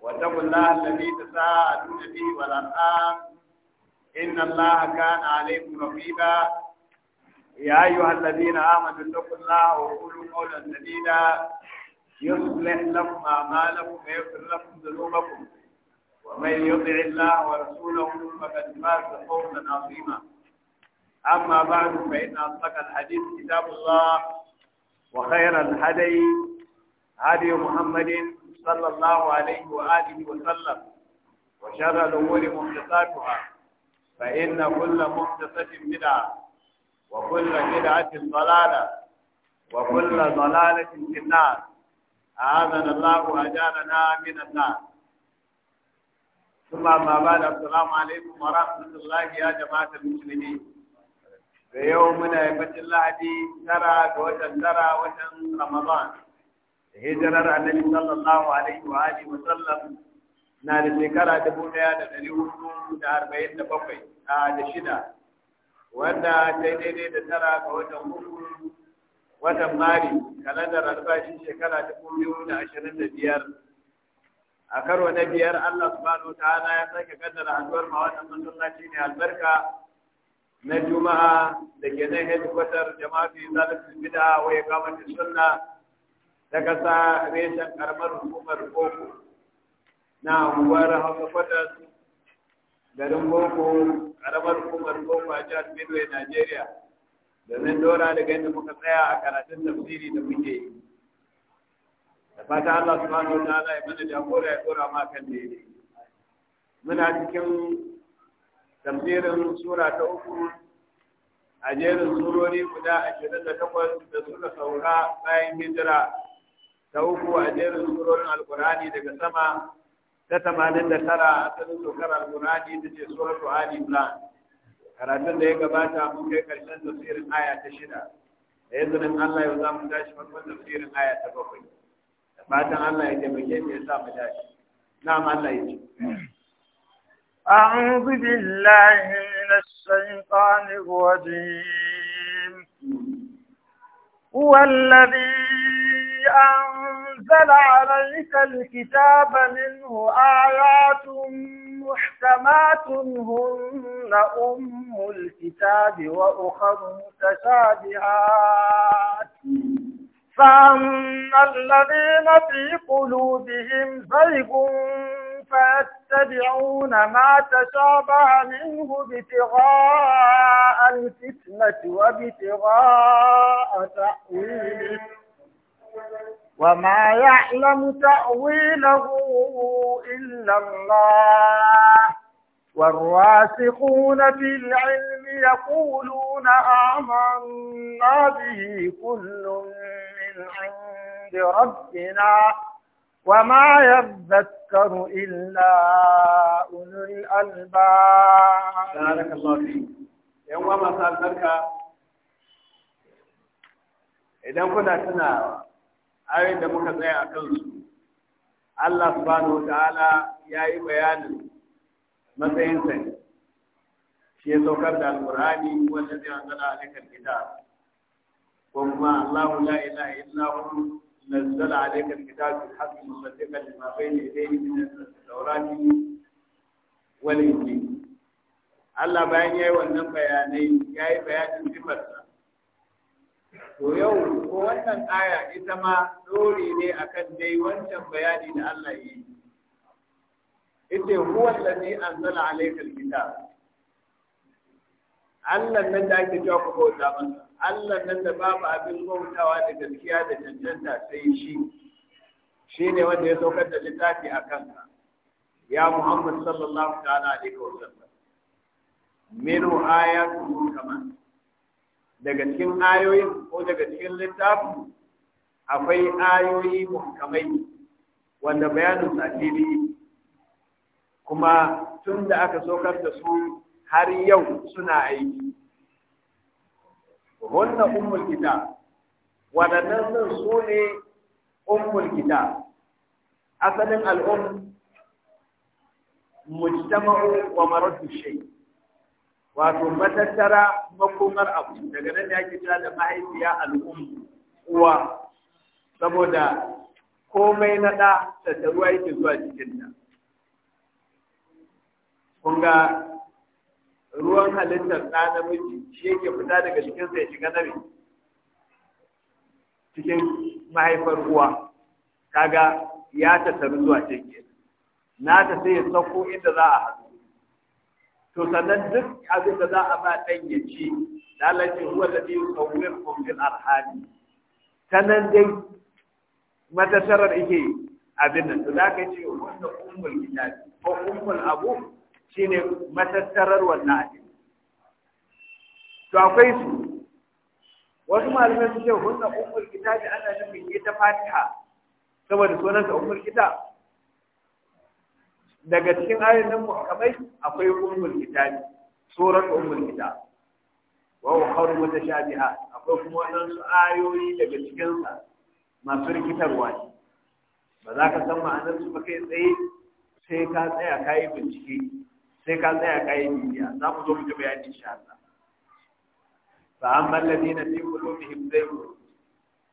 واتقوا الله الذي تساءلون به والأرحام إن الله كان عليكم رقيبا يا أيها الذين آمنوا اتقوا الله وقولوا قولا سديدا يصلح لكم أعمالكم ويغفر لكم ذنوبكم ومن يطع الله ورسوله فقد فاز قولا عظيما أما بعد فإن أصدق الحديث كتاب الله وخير الهدي هدي محمد صلى الله عليه وآله وسلم وشر الأمور محدثاتها فإن كل محدثة بدعة وكل بدعة ضلالة وكل ضلالة في النار أعاذنا الله أجارنا من النار ثم ما بعد السلام عليكم ورحمة الله يا جماعة المسلمين في يومنا يبت الله دي ترى وتن ترى وتن رمضان da hijirar annabi sallallahu alaihi wa alihi wa sallam na da shekara dubu ɗaya da dari hudu da arba'in da bakwai a da shida wanda ta daidai da tara ga watan hudu watan mari kalandar albashin shekara dubu biyu da ashirin da biyar a karo na biyar Allah subhanahu ta'ala ya sake kaddara haduwar ma wannan masallaci ne albarka na juma'a da ke nan hedikwatar jama'a fi zalatul bid'a wa iqamati sunna ta sa reshen karamar hukumar boko na unguwar hausa kwatas garin boko karamar hukumar boko a jihar benue nigeria domin dora daga yadda muka tsaya a karatun tafsiri da muke yi da fata allah subhanahu wa ta'ala ya mana jagora ya dora ma kan daidai muna cikin tafsirin sura ta uku a jerin surori guda ashirin da takwas da suka saura bayan hijira ta uku a jerin surorin alkurani daga sama ta tamanin da tara a tsanin sokar alkurani ta ce suratu ali imran karatun da ya gabata mun kai karshen tafsirin aya ta shida da izinin allah ya za mu tashi farkon tafsirin aya ta bakwai da fatan allah ya taimake mu ya sa mu tashi na'am allah ya ce أعوذ بالله من الشيطان الرجيم هو الذي أن نزل عليك الكتاب منه آيات محكمات هن أم الكتاب وأخر متشابهات فأما الذين في قلوبهم زيغ فيتبعون ما تشابه منه ابتغاء الفتنة وابتغاء تأويله وما يعلم تأويله إلا الله والراسخون في العلم يقولون آمنا به كل من عند ربنا وما يذكر إلا أولو الألباب بارك الله فيك يوم ما صار بركة إذا كنا تناوى ayoyin da muka tsaya a kansu Allah subhanahu wa ta'ala ya yi bayanin matsayinsa ne shi ya saukar da alƙur'ani wanda zai a alaikar gida kuma Allah la ilaha illa hu nazzala alaikar gida bil haqqi musaddiqan lima bayna yadayhi min at-taurati wal injil Allah bayan yayi wannan bayanai yayi bayanin sifarsa To yau ko wannan aya ita ma dore ne akan dai wancan bayani da Allah yi. Ita huwa allazi anzala alayka alkitab. Allah nan da ake cewa ku bauta masa. Allah nan da babu abin bautawa da gaskiya da cancanta sai shi. Shi ne wanda ya saukar da littafi a kanka. Ya Muhammad sallallahu ta'ala alaihi wa sallam. Minu ayatu kamar. daga cikin ayoyin ko daga cikin littafin akwai ayoyi muhkamai wanda bayanin sadiri kuma tun da aka sokar da su har yau suna aiki hunna ummul kitab waɗannan sun su ne ummul kitab asalin al'um mujtama'u wa maraddu shay' wato matattara makomar abu daga nan ya ke da mahaifiya al'umma uwa saboda komai na ɗa tattaruwa yake zuwa cikin ta kun ga ruwan halittar ɗa namiji shi yake fita daga cikin sai shiga na cikin mahaifar uwa kaga ya tattaru zuwa cikin na ta sai ya sauko inda za a haɗu to sannan duk abin da za a ba ɗan ya ci lalace huwa da biyu sauwir kumfin arhani ta nan dai matasarar ike abin nan to za ka ce wanda ummul kitabi ko ummul abu shine matasarar wannan abin to akwai su wasu malamai su ce wanda ummul kitabi ana nufin ita fatiha saboda sunanta ummul kitab daga cikin ayin nan muhkamai akwai ummul kitabi surat ummul kitab wa huwa qawlun mutashabiha akwai kuma su ayoyi daga cikin sa masu rikitarwa ne ba za ka san ma'anar su ba kai tsaye sai ka tsaya ka bincike sai ka tsaya ka yi bibiya za mu zo mu ji bayani insha Allah fa amma alladheena fi qulubihim zayghun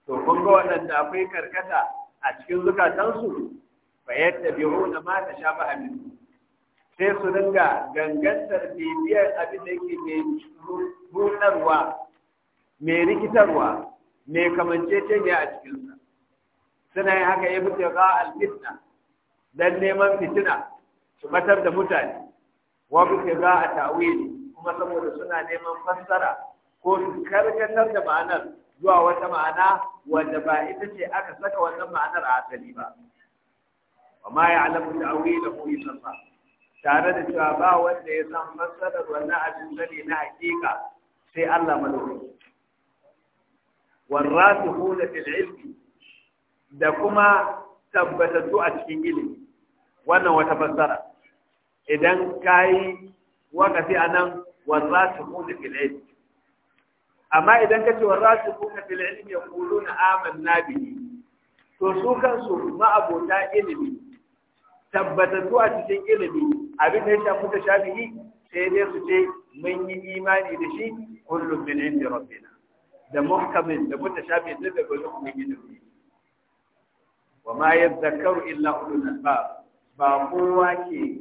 to kun ga waɗanda akwai karkata a cikin zukatansu fa yattabi'una ma tashabaha min sai su dinga gangantar bibiyar abin da yake mai runarwa mai rikitarwa mai kamanceceniya a cikinsa suna yin haka ya za a alfitna don neman fitina su batar da mutane wa mutu za a tawili kuma saboda suna neman fassara ko su karkatar da ma'anar zuwa wata ma'ana wanda ba ita ce aka saka wannan ma'anar a asali ba wa ma ya'lamu ta'wilahu illa Allah tare da cewa ba wanda ya san masalar wannan abin zane na hakika sai Allah madaukaki warrasikhuna fil ilmi da kuma tabbatattu a cikin ilimi wannan wata fassara idan kai wakati anan warrasikhuna fil ilmi amma idan ka kace warrasikhuna fil ilmi yaquluna amanna bihi to su kansu ma'abota ilimi tabbatattu a cikin ilimi abin da ya shafi ta shafi'i sai dai su ce mun yi imani da shi kullum min inda rabbina da muhkamin da shafi da daga lokacin yi dubi wa ma yadhakkaru illa ulul albab ba kowa ke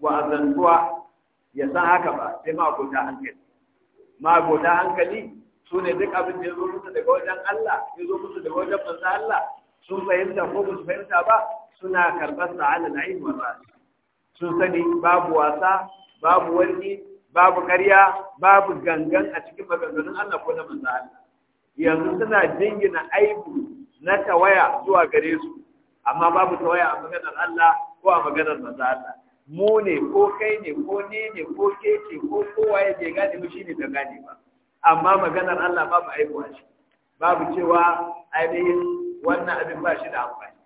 wa'azantuwa ya san haka ba sai ma gota hankali ma gota hankali su ne duk abin da ya zo musu daga wajen Allah ya zo musu daga wajen manzo Allah sun fahimta ko ba su fahimta ba suna karɓar sa ala na'im wa sun sani babu wasa babu wani babu karya babu gangan a cikin maganganun Allah ko na manzo Allah yanzu suna jingina aibu na tawaya zuwa gare su amma babu tawaya a maganar Allah ko a maganar manzo Allah mu ne ko kai ne ko ne ne ko ke ce ko kowa ya je gane mu shine da gane ba amma maganar Allah babu aibu a shi. babu cewa ainihin wannan abin ba shi da amfani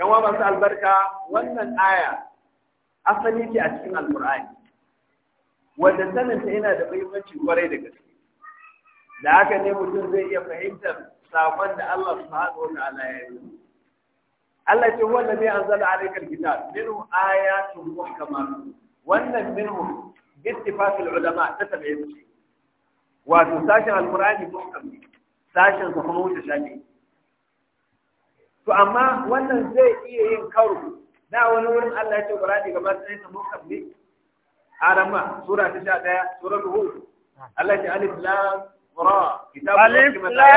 yawa masu albarka wannan aya asali ce a cikin alkur'ani wanda saninta yana da muhimmanci kwarai da gaske da haka ne mutum zai iya fahimtar sakon da Allah subhanahu wa ta'ala ya yi Allah ce wanda ne an zala alaikar kitab minhu ayatun muhkamatun wannan minhu bittifaqil ulama ta tabi'in wato sashin alqur'ani muhkam sashin sa kuma wuce shafi to amma wannan zai iya yin karo na wani wurin Allah ya ce Qur'ani gaba sai ta mukaff ne arama sura ta 11 sura ruhu Allah ya ce alif lam ra kitabun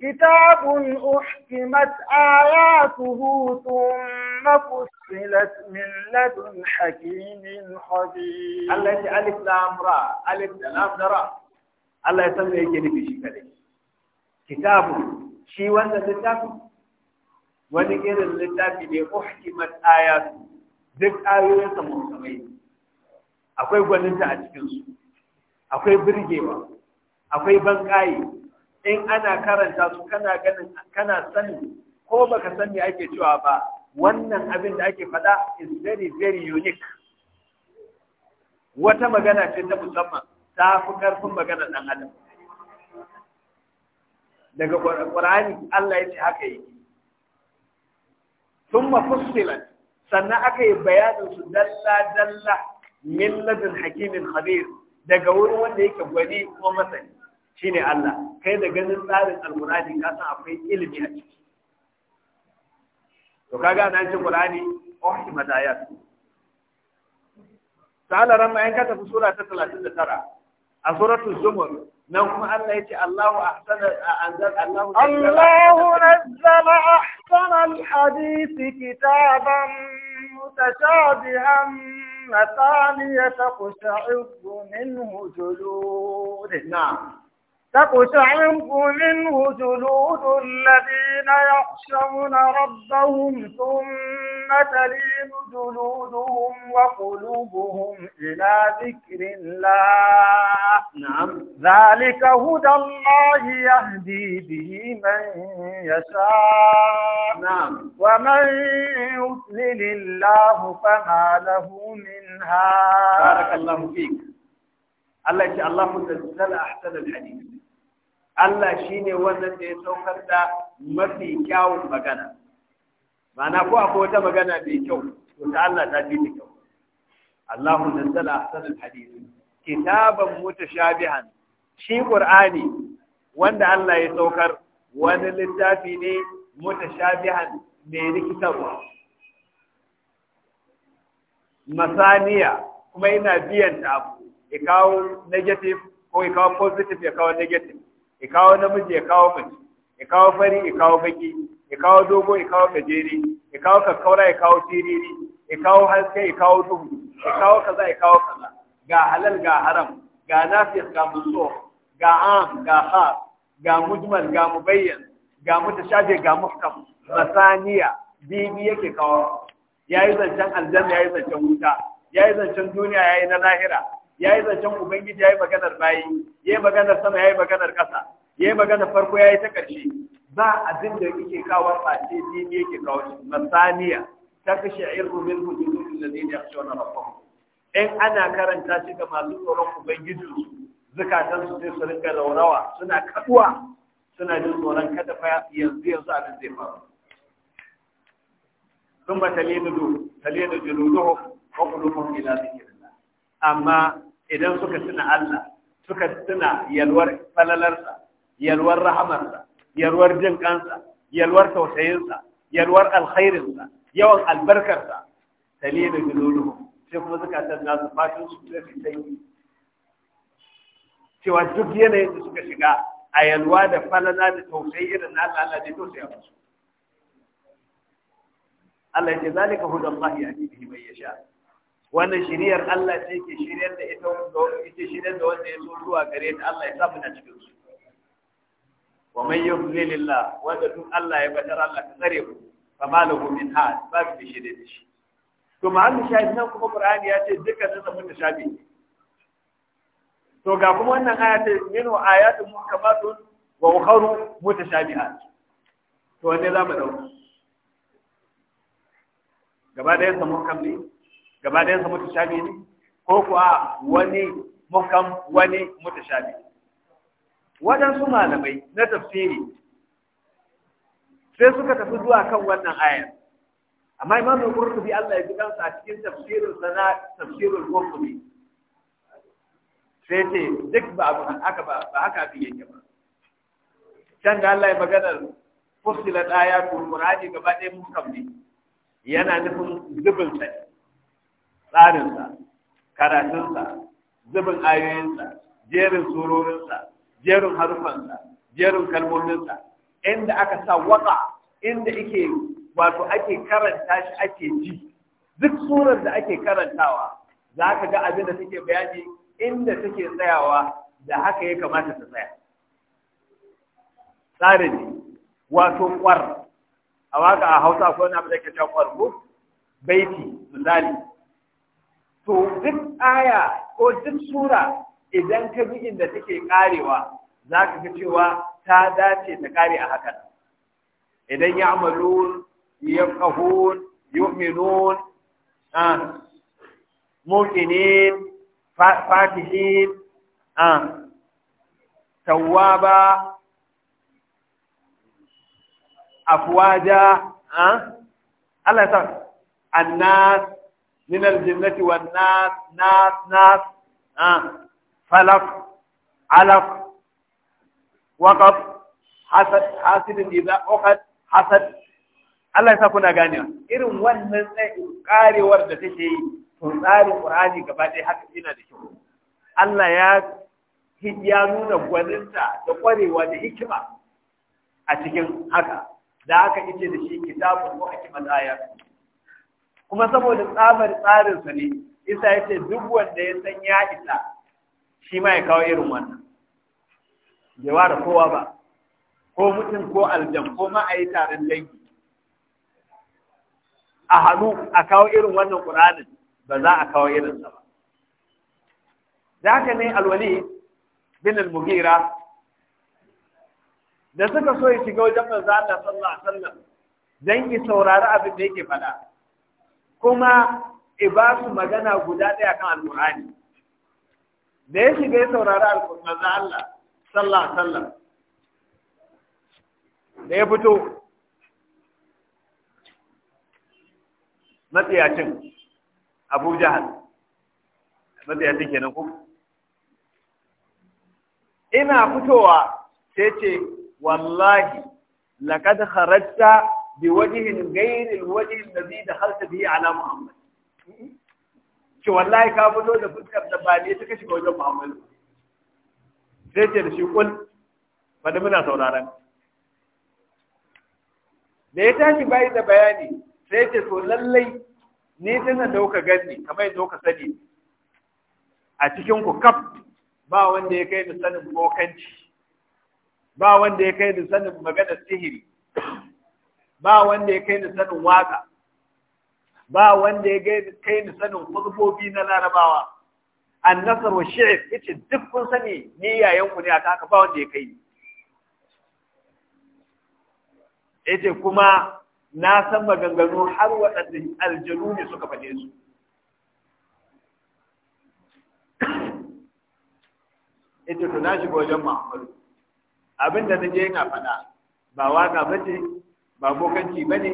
كتاب أحكمت آياته ثم فصلت من لدن alif خبير الله alif لام را ألف لام را الله yake nufi shi kadai kitabun shi wannan littafi wani irin littafi ne uhkimat ayatu duk ayoyin sa musamai akwai gwaninta a cikin su akwai birgewa akwai bankaye in ana karanta su kana ganin kana sani ko baka sani ake cewa ba wannan abin da ake faɗa is very very unique wata magana ce ta musamman ta fi ƙarfin magana ɗan adam daga Qur'ani Allah ya ce haka yi thumma fussilat sannan aka yi bayanin su dalla dalla min hakimin khabir daga wurin wanda yake gwani ko masani shine Allah kai da ganin tsarin alqur'ani ka san akwai ilimi a ciki to kaga nan ci qur'ani uhkimat madaya ta'ala ramma in ka tafi sura ta 39 a suratul zumar الله نزل أحسن الحديث كتابا متشابها مثانية تقشعر منه جلود نعم تقشعر منه جلود الذين يخشون ربهم ثم تلين جلودهم وقلوبهم إلى ذكر الله نعم ذلك هدى الله يهدي به من يشاء نعم ومن يضلل الله فما له من هاد بارك الله فيك الله يجعل الله مدة أحسن الحديث Allah shi ne wannan da ya saukar da mafi kyawun magana. Mana ko akwai wata magana mai kyau, to ta Allah ta fi kyau. Allahu nazzala ahsanul hadith kitaban mutashabihan shi Qur'ani wanda Allah ya saukar wani littafi ne mutashabihan mai rikitarwa. Masaniya kuma yana biyan ta abu, ya kawo negative ko ya kawo positive ya kawo negative. ya kawo namiji ya kawo mace ya kawo fari ya kawo baki ya kawo dogo ya kawo gajere ya kawo kakkaura ya kawo tiriri ya kawo haske ya kawo duhu ya kawo kaza ya kawo kaza ga halal ga haram ga nafis ga musu ga am ga ha ga mujmal ga mubayyan ga mutashabi ga muhkam masaniya bibi yake kawo yayi zancen aljanna yayi zancen wuta yayi zancen duniya yayi na lahira ya yi zancen ubangiji ya yi maganar bayi ya yi maganar sama ya yi maganar ƙasa ya yi maganar farko ya yi ta ƙarshe Za a zin da yake kawo face ne ne yake kawo shi masaniya ta kashe irru min hududin da ne ya kashe na rabbahu in ana karanta shi ga masu tsoron ubangiji zukatan su sai su rinka raurawa suna kaduwa suna jin tsoron kada fa yanzu yanzu abin zai faru ثم تلين جلوده وقلوبهم إلى ذكر الله أما idan suka tuna Allah suka tuna yalwar falalarsa yalwar rahamarsa yalwar jin kansa yalwar tausayinsa yalwar alkhairinsa yawan albarkarsa talilu jululuhu sai kuma zakatan nasu fatin su da sanyi cewa duk yanayin da suka shiga a yalwa da falala da tausayi irin na Allah Allah ne tausaya musu Allah ya ce zalika hudallahi yahdi bihi man yasha wannan shiriyar Allah ce ke shiriyar da ita yake shiriyar da wanda ya so zuwa gare ta Allah ya samu na cikin su wa man yudlilillah wanda duk Allah ya batar Allah ta tsare ku fa malahu min had babu ki shiriyar da shi to ma'anin shi nan kuma Qur'ani ya ce duka sun zama shabi to ga kuma wannan aya ce minu ayatun muhkamatun wa ukharu mutashabihat to wanne za mu dauka gaba da yansa muhkam ne gaba ɗayansa mutashabi ne ko kuwa wani mukam wani mutashabi waɗansu malamai na tafsiri sai suka tafi zuwa kan wannan ayar amma imamu qurtubi Allah ya ji kansa a cikin tafsirin sana tafsirul qurtubi sai ce duk ba abu haka ba ba haka abin yake ba can da Allah ya maganar fusilat ayatul qur'ani gaba ɗaya mukam ne yana nufin zubin sani tsarinsa karatunsa zubin ayoyinsa jerin surorinsa jerin harufansa jerin kalmominsa inda aka sa waka inda ake wato ake karanta shi ake ji duk surar da ake karantawa za ka ga abin da take bayani inda take tsayawa da haka ya kamata ta tsaya tsarin ne wato kwar a waka a hausa ko na da ke cewa kwar ko baiti misali duk aya ko duk sura idan ka bi inda take karewa za ka ga cewa ta dace ta kare a hakan idan ya amalun yafqahun yu'minun ah muqinin fatihin ah tawwaba afwaja ah Allah ya sa annas min aljinnati wan nas nas nas waqaf hasad hasidin idza uqad Allah ya sa kuna ganewa irin wannan tsayin karewar da take yi to tsarin Qur'ani gaba ɗaya haka yana da kyau Allah ya ya nuna gwaninta da kwarewa da hikima a cikin haka da aka ice da shi kitabun wa hikmat ayat kuma saboda tsabar tsarinsa ne isa ya ce duk wanda ya san ya isa shi ma ya kawo irin wannan bai ware kowa ba ko mutum ko aljan ko ma a yi taron dangi a hannu a kawo irin wannan ƙuranin ba za a kawo irinsa ba da haka ne alwali bin al-mughira da suka so ya shiga wajen manzo Allah sallallahu alaihi wasallam dan ki saurari abin da yake faɗa kuma ba su magana guda ɗaya kan alƙur'ani da ya shiga ya saurari alƙur'ani Allah sallah sallah da ya fito matsiyacin Abuja matsayacin matsiyacin kenan ku ina fitowa sai ce wallahi laqad kharajta بوجه غير الوجه الذي دخلت به على محمد شو wallahi ka fito da fuskar da ba ne suka shiga wajen Muhammadu sai ce shi kul bada muna sauraron da ya tashi bayi da bayani sai ce lallai ni tana dauka ganni kamar sani a cikin ku kaf ba wanda ya kai da sanin bokanci ba wanda ya kai da sanin maganar sihiri ba wanda ya kai ni sanin waka ba wanda ya kai ni sanin kulbobi na larabawa annasar wa shi'ir ita duk kun sani ni yayanku ne a haka ba wanda ya kai ni ita kuma na san maganganu har waɗanda aljanu ne suka faɗe su ita to na shiga wajen Muhammadu abinda na je yana faɗa ba waka bace ba bokanci bane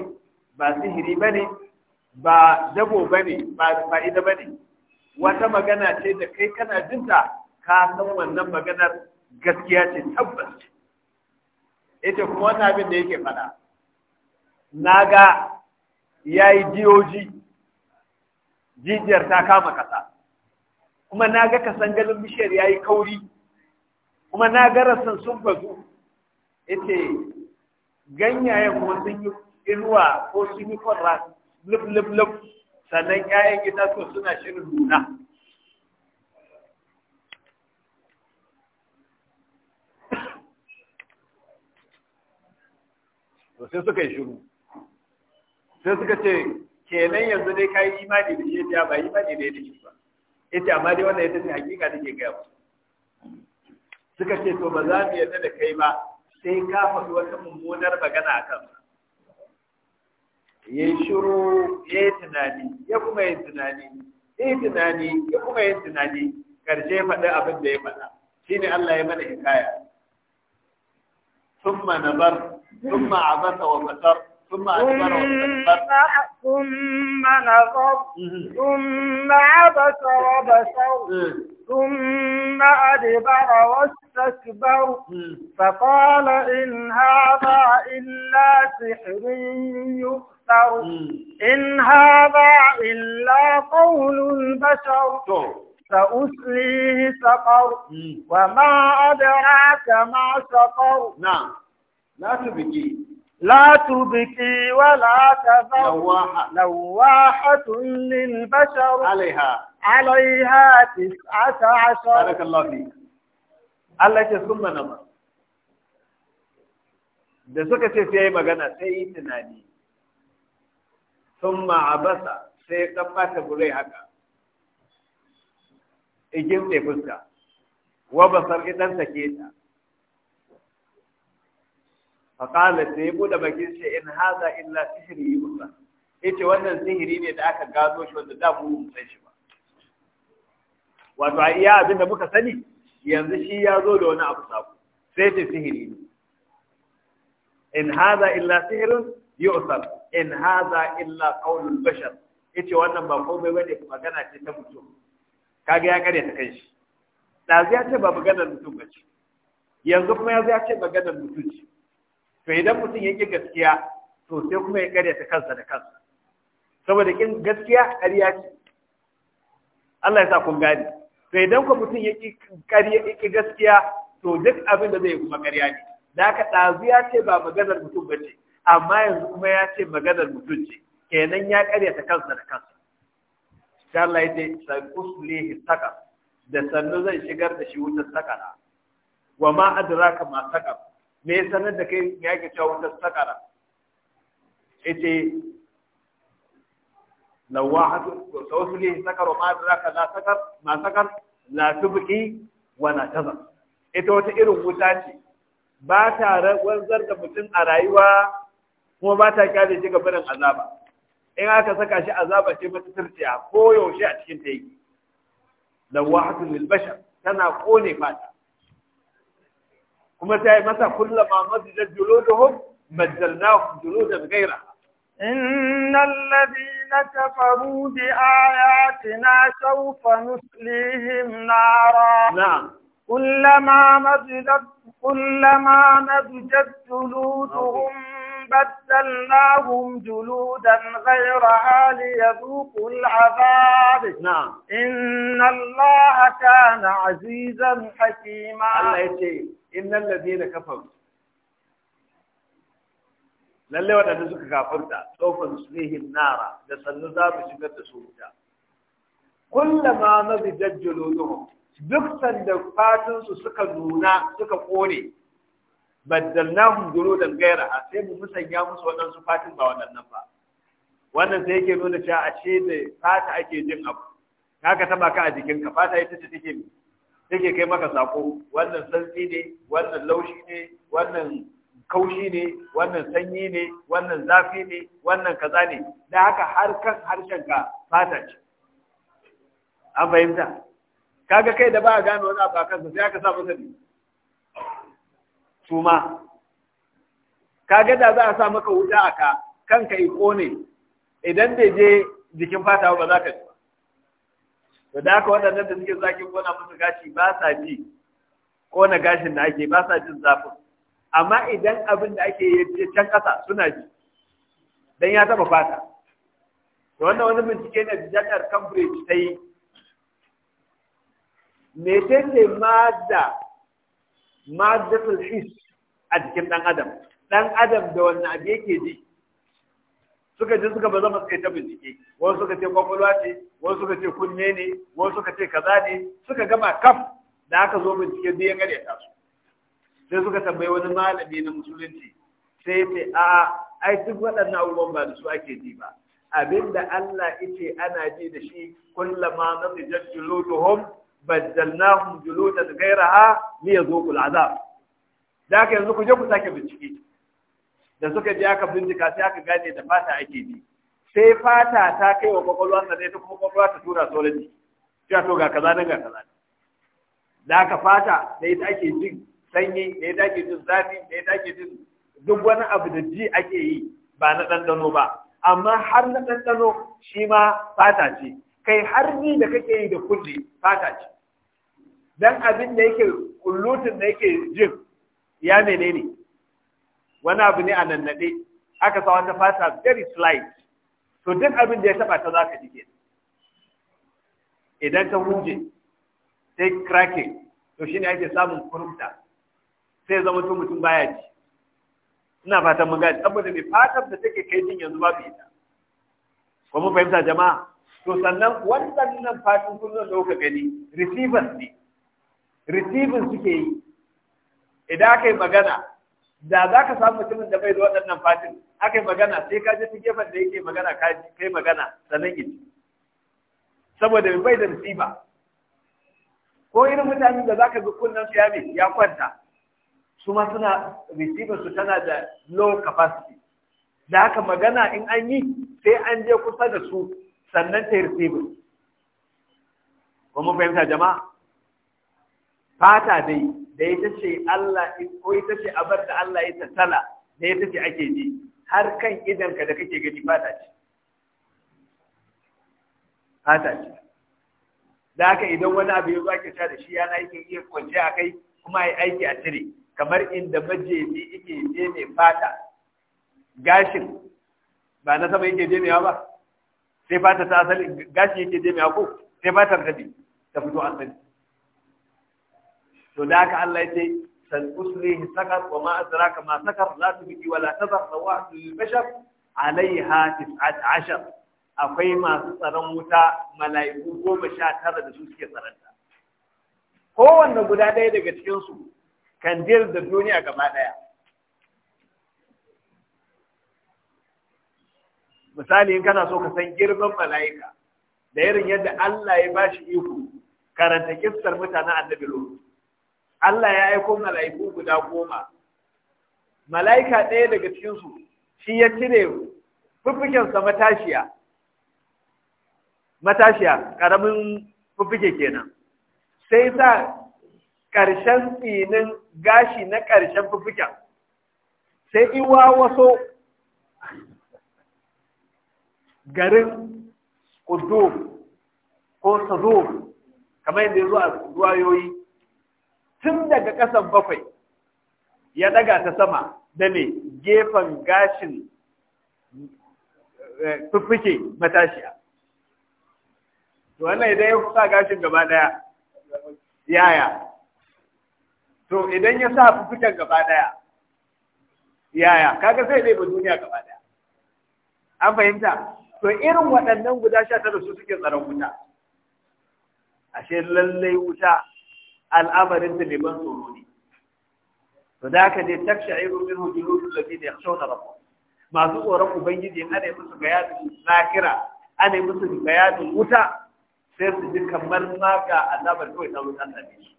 ba sihiri bane ba dabo bane ba fa'ida bane wata magana ce da kai kana jinta ka san wannan maganar gaskiya ce tabbas ita kuma wannan abin da yake faɗa na ga ya yi diyoji jijiyar ta kama kasa kuma na ga kasangalin bishiyar ya yi kauri kuma na ga rassan sun bazu ita ganyayen kuma sun yi inuwa ko sun yi kwarra lub lub lub sannan ƴaƴan itatuwa suna shirin nuna to sai suka yi shiru sai suka ce kenan yanzu dai yi imani da shi ya ba imani da ya shi ba ita amma dai wannan ta ce hakika da ke gaya ba. suka ce to ba za mu yadda da kai ba sai ka faɗi wata mummunar magana a kan ya shiru ya yi tunani ya kuma yi tunani ya yi tunani ya kuma yi tunani karshe faɗi abin da ya faɗa ne Allah ya mana hikaya ثم sun ثم عبس وبصر ثم أدبر واستكبر ثم نظر ثم عبس وبصر ثم أدبر واستكبر فقال إن هذا إلا سحر يؤثر إن هذا إلا قول البشر سأسليه سقر وما أدراك ما سقر نعم لا تبكي لا تبكي ولا تذر لواحة للبشر عليها عليها تسعة عشر بارك الله فيك Allah ce sun mana ma da suka ce sai magana sai yi tunani sun ma'abasa sai ya ɓata burai haka igin mai fuska wa basar idan take ta faƙala sai yi buɗe bakin shi in haza illa sihiri yi musa ce wannan sihiri ne da aka gano shi wanda da mu musan shi ba. wato a iya abin da muka sani yanzu shi ya zo da wani abu sabu. sai ce sihiri ne in haza illa sihirin usar. in haza illa qaulul bashar yace wannan ba komai bane magana ce ta mutum kaga ya kare ta shi. dazu ya ce ba maganar mutum bace yanzu kuma ya ya ce maganar mutum ce to idan mutum ya ƙi gaskiya to sai kuma ya kare ta kansa da kansa saboda kin gaskiya ƙarya ce Allah ya sa kun gane to idan ko mutum ya ƙi ƙarya gaskiya to duk abin da zai yi kuma ƙarya ne da haka ɗazu ya ce ba maganar mutum ba ce amma yanzu kuma ya ce maganar mutum ce kenan ya ta kansa da kansa insha Allah ya ce san uslihi saqar da sannu zai shigar da shi wutar sakara wa ma adraka ma sakar me sanar da kai ya ke cewa wutar sakara yace lawahatu sawsuli sakar wa ma adraka la sakar ma sakar la tubqi wa la ita wata irin wuta ce ba ta wanzar da mutum a rayuwa kuma ba ta kyale shi ga barin azaba in aka saka shi azaba ce mata turciya ko yaushe a cikin ta yake lawahatu lil bashar tana kone fata kuma ta yi masa kullama mazjaluduhum juluduhum majalnahum juludan ghayra إن الذين كفروا بآياتنا سوف نسليهم نارا نعم كلما نضجت كلما نضجت جلودهم بدلناهم جلودا غيرها ليذوقوا العذاب نعم إن الله كان عزيزا حكيما الله يتي إن الذين كفروا lalle waɗanda suka kafirta tsofan sulihim nara da sannu za mu shigar da su wuta kullama mazijat jajjalo duk sanda fatun su suka nuna suka kone baddalnahum gaira a sai mu musanya musu waɗansu fatin ba waɗannan ba wannan sai yake nuna cewa ce da fata ake jin abu haka taba ka a jikinka fata ita ce take take kai maka sako wannan santsi ne wannan laushi ne wannan kaushi ne wannan sanyi ne wannan zafi ne wannan kaza ne da haka har kan harshenka fata ce an fahimta kaga kai da ba a gane wani abu a kansa sai aka sa masa ne suma kaga da za a sa maka wuta a ka kanka iko ne idan da je jikin fata ba za ka ci ba da haka waɗannan da suke zakin gona musu gashi ba sa ji ko na gashin da ake ba sa jin zafin amma idan abin da ake yi can ƙasa suna ji dan ya taba fata to wannan wani bincike ne da jami'ar Cambridge ta yi mecece madda maddatul his a jikin ɗan adam ɗan adam da wannan abu yake ji suka ji suka ba zama suka ta bincike wasu suka ce kwakwalwa ce wasu suka ce kunne ne wasu suka ce kaza ne suka gama kaf da aka zo bincike ya gare ta su sai suka tambayi wani malami na musulunci sai ce a ai duk waɗannan abubuwan ba da su ake ji ba abinda Allah yake ana ji da shi kullama nadijat juluduhum baddalnahum juludan ghayraha liyazuqu al'azab da haka yanzu ku je ku sake bincike da suka je aka bincika sai aka gane da fata ake ji sai fata ta kai wa kwakwalwa sa ne ta kuma kwakwalwa ta tura sauran jiki ta to ga kaza nan ga kaza da haka fata da ita ake jin sanyi da ya dace jin zafi da ya dace jin duk wani abu da ji ake yi ba na ɗanɗano ba amma har na ɗanɗano shi ma fata ce kai har ni da kake yi da kulle fata ce dan abin da yake kullutun da yake jin ya menene wani abu ne a nannaɗe aka sa wata fata very slight to duk abin da ya taɓa ta za ka ji idan ta huje take cracking to shine ake samun kurumta sai zama tun mutum baya ji ina fatan mun gani saboda mai fatan da take kai jin yanzu babu ita ko mun fahimta jama'a to sannan wannan nan fatan kullun da kuka gani receivers ne receiving suke yi idan aka yi magana da za ka samu mutumin da bai da waɗannan fatin aka yi magana sai ka je ta gefen da yake magana ka kai magana sannan ki saboda bai da receiver ko irin mutanen da za ka bi kunnen su ya ya kwanta su ma suna receiver su tana da low capacity da haka magana in an yi sai an je kusa da su sannan ta receiver Kuma mu fahimta jama'a fata dai da ta ce Allah ko ta ce abar da Allah ya tattala da ya ta ce ake ji har kan ka da kake gani fata ce fata ce da haka idan wani abu ya zo ake sha da shi yana yake iya kwanciya a kai kuma ya aiki a cire kamar inda majebi yake jeme fata gashin ba na sama yake jemewa ba sai fata ta asali gashin yake jemewa ko sai fatar ta bi ta fito asali to da haka Allah ya ce san usrihi sakar wa ma azraka ma sakar la tubqi wa la tazar sawa'atul lil bashar alaiha 19 akwai masu tsaron wuta mala'iku goma sha tara da su suke tsaranta kowanne guda ɗaya daga cikinsu jiyar da duniya gaba ɗaya. Misali in kana so ka san girman mala'ika da irin yadda Allah ya bashi iko karanta kistar mutanen annabi Lut. Allah ya aiko mala'iku guda goma. Mala'ika ɗaya daga cikinsu shi ya cire fufukensa matashiya. Matashiya, ƙaramin fufuke kenan. Sai sa ƙarshen tsinin gashi na ƙarshen fuffuken sai iwa waso garin ƙudu ko sado kamar yadda ya zo a ruwayoyi tun daga ƙasan bakwai ya daga ta sama da ne gefen gashin eh, fufuke matashiya wannan idan ya fusa gashin gaba daya yaya to idan ya sa fufukan gaba daya yaya kaga zai ɗebe duniya gaba daya an fahimta to irin waɗannan guda sha tara su suke tsaron wuta ashe lallai wuta al'amarin ta neman tsoro ne to da haka dai taksha'iru min ya ladina yakhshawna rabbahum masu tsoron ubangiji in ana musu bayanin lahira ana musu bayanin wuta sai su ji kamar ma ga kawai ta wuta same su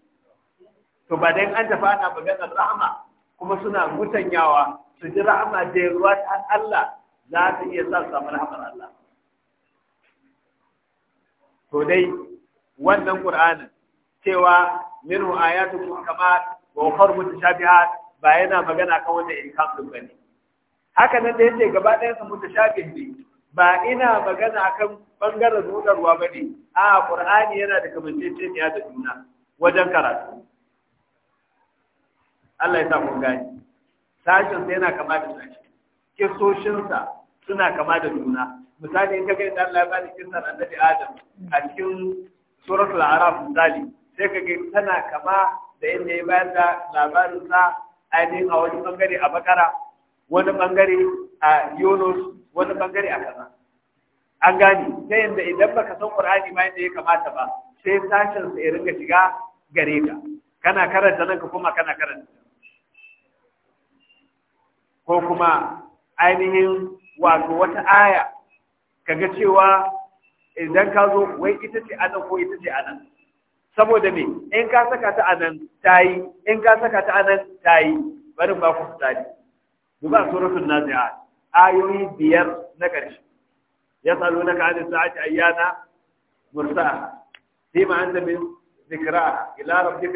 to ba dai an tafi ana maganar rahama kuma suna gutanyawa su ji rahama da ruwa ta Allah za su iya sa su samu rahamar Allah to dai wannan Qur'anin cewa minhu ayatu muhkamat wa ukhra mutashabihat ba yana magana kan wanda ilham din bane haka nan da yace gaba ɗayan su mutashabih ne ba ina magana kan bangaren rudarwa bane a Qur'ani yana da kamanceceniya da juna wajen karatu Allah ya sa mun gani sashin sa yana kama da sashi kisoshin suna kama da juna misali in kaga inda Allah ya bani kisan annabi Adam a cikin suratul araf misali sai kaga tana kama da inda ya bayar da labarin sa ainihin a wani bangare a bakara wani bangare a yunus wani bangare a kaza an gane ta inda idan baka san qur'ani ma yadda ya kamata ba sai sashin sa ya ringa shiga gare ka kana karanta nan ka kuma kana karanta ko kuma ainihin wato wata aya kaga cewa idan ka zo wai ita ce anan ko ita ce anan saboda me in ka saka ta anan tayi in ka saka ta anan tayi bari ba ku tsari duba suratul nazi'at ayoyi biyar na ƙarshe yasalunaka an sa'ati ayyana mursaha fima anta min ذكراها إلى ربك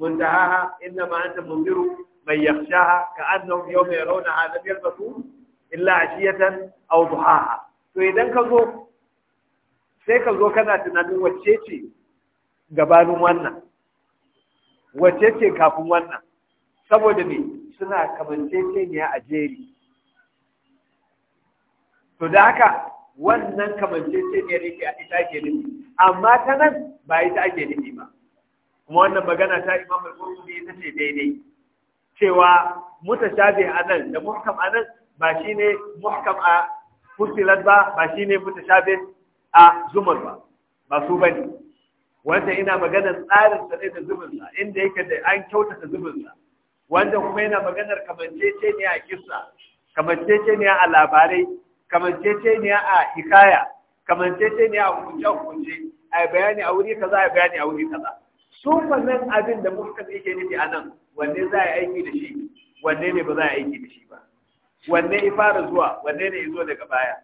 منتهاها إنما أنت منذر من يخشاها كأنهم يوم يرونها لم يلبثوا إلا عشية أو ضحاها فإذا كذو sai ka zo kana tunanin wacce ce gabanin wannan wacce kafin wannan saboda me suna kamanceceniya a jeri to da haka wannan kamanceceniyar yake a ita ake nufi amma ta nan ba ita ake nufi ba kuma wannan magana ta imam al-qurtubi ita ce daidai cewa a nan da muhkam nan ba shi ne muhkam a fusilat ba ba muta mutashabi a zumar ba ba su bane wanda ina magana tsarin sa ne da zubin sa inda yake da an kyautata zubin sa wanda kuma yana maganar kamancece ne a kissa kamancece ne a labarai kamancece ne a hikaya kamancece ne a hukunce hukunce a bayani a wuri kaza a bayani a wuri kaza su wannan abin da muka yake nufi nan. wanne za a aiki da shi wanne ne ba za a aiki da shi ba wanne ya fara zuwa wanne ne ya zo daga baya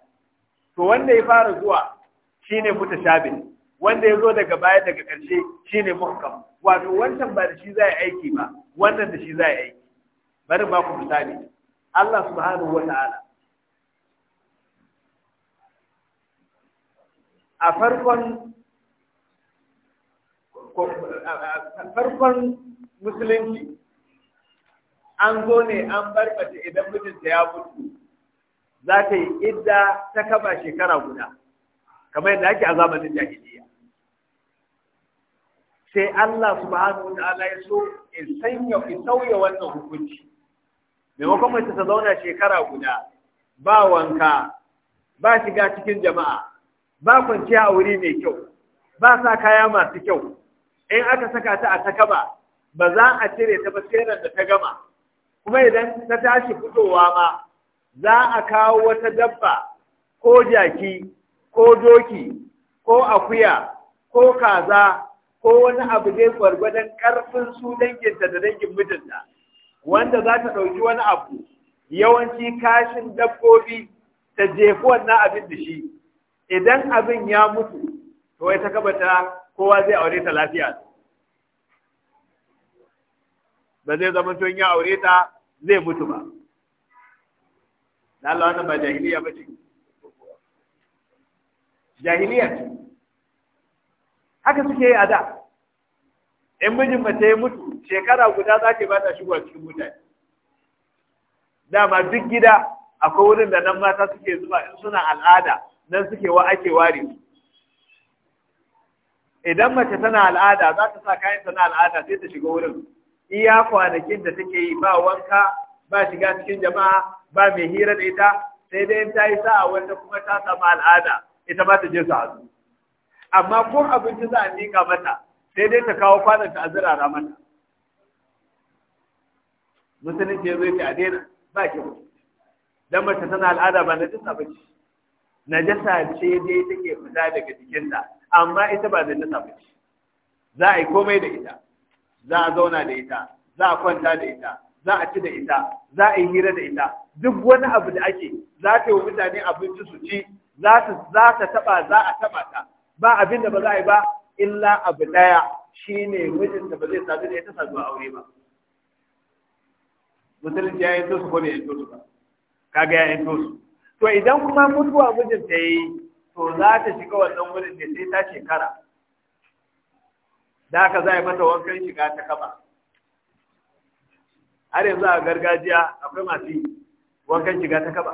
to wanda ya fara zuwa shine shabin wanda ya zo daga baya daga ƙarshe shine muhkam wato wancan ba da shi za a aiki ba wannan da shi za a aiki bari ba ku misali Allah subhanahu wata'ala a farkon farkon musulunci an zo ne an bar mace idan mijinta ya mutu za ta yi idda ta kama shekara guda kamar yadda ake a zamanin jahiliya sai Allah subhanahu ta'ala ya so in sanya sauya wannan hukunci maimakon mace ta zauna shekara guda ba wanka ba shiga cikin jama'a ba kwanciya a wuri mai kyau ba sa kaya masu kyau in aka saka ta a takaba ba za a cire ta ba sai da ta gama kuma idan ta tashi fitowa ma za a kawo wata dabba ko jaki ko doki ko akuya ko kaza ko wani abu dai gwargwadon karfin su danginta da dangin mijinta wanda za ta ɗauki wani abu yawanci kashin dabbobi ta jefi wannan abin da shi idan abin ya mutu to ya ta kabata kowa zai aure ta lafiya ba zai zama tun ya aure ta zai mutu ba Allah wannan ba jahiliya ba ce jahiliya ce haka suke yi a da in mijin mace ya mutu shekara guda za ke ba ta shigo cikin mutane dama duk gida akwai wurin da nan mata suke zuwa in suna al'ada nan suke wa ake ware idan mace tana al'ada za ta sa kayan tana al'ada sai ta shiga wurin iya kwanakin da take yi ba wanka ba shiga cikin jama'a ba mai hira da ita sai dai ta yi sa'a wanda kuma ta samu al'ada ita ba ta je su hazu amma ko abinci za a miƙa mata sai dai ta kawo kwanan ta azurara mata musulunci ya zo ta a daina ba ki dan mace tana al'ada ba na jinsa ba ce najasa ce dai take fita daga jikinta amma ita ba najasa ba ce za a yi komai da ita za a zauna da ita za a kwanta da ita za a ci da ita za a yi hira da ita duk wani abu da ake za ta yi wa mutane abinci su ci za ta taba za a taba ta ba abin da ba za a yi ba illa abu daya shine mijinta ba zai sadu da ita saduwa aure ba musulunci ya yi tosu ko ya yi tosu ba kaga ya yi tosu to idan kuma mutuwa mijinta ya yi to za ta shiga wannan wurin da sai ta shekara da aka za a yi mata wankan shiga ta kaba har yanzu a gargajiya akwai masu yi wankan shiga ta kaba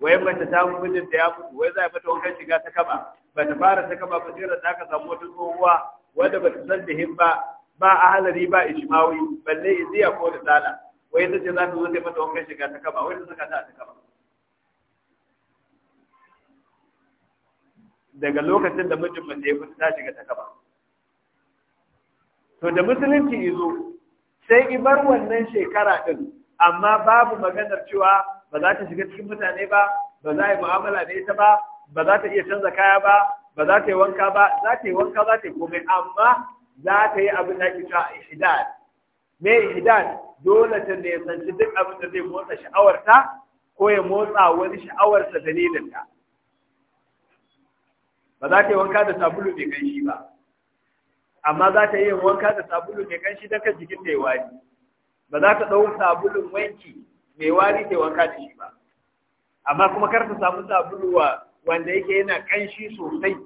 wai mace ta mijinta ya mutu wai za a yi mata wankan shiga ta kaba ba ta fara ta kaba ba jira da aka samu wata tsohuwa wanda ba ta san da him ba ba a halari ba ishimawi balle iziya ko da tsala wai ta ce za ta zo ta mata wankan shiga ta kaba wai ta saka ta a ta kaba daga lokacin da mijin mace ya fita ta shiga ta kaba to da musulunci izo sai ibar wannan shekara din amma babu maganar cewa ba za ta shiga cikin mutane ba ba za a yi mu'amala da ita ba ba za ta iya canza kaya ba ba za ta yi wanka ba za ta yi wanka za ta yi komai amma za ta yi abin da ake cewa ihdad me ihdad dole ta ne sanci duk abin da zai motsa sha'awarta ko ya motsa wani sha'awarsa dalilinta ba za ta yi wanka da sabulu mai kanshi ba amma za ta yi wanka da sabulu mai kanshi don kan jikin mai wari ba za ta ɗau sabulun wanki mai wari ta wanka da shi ba amma kuma kar ta samu sabulu wa wanda yake yana kanshi sosai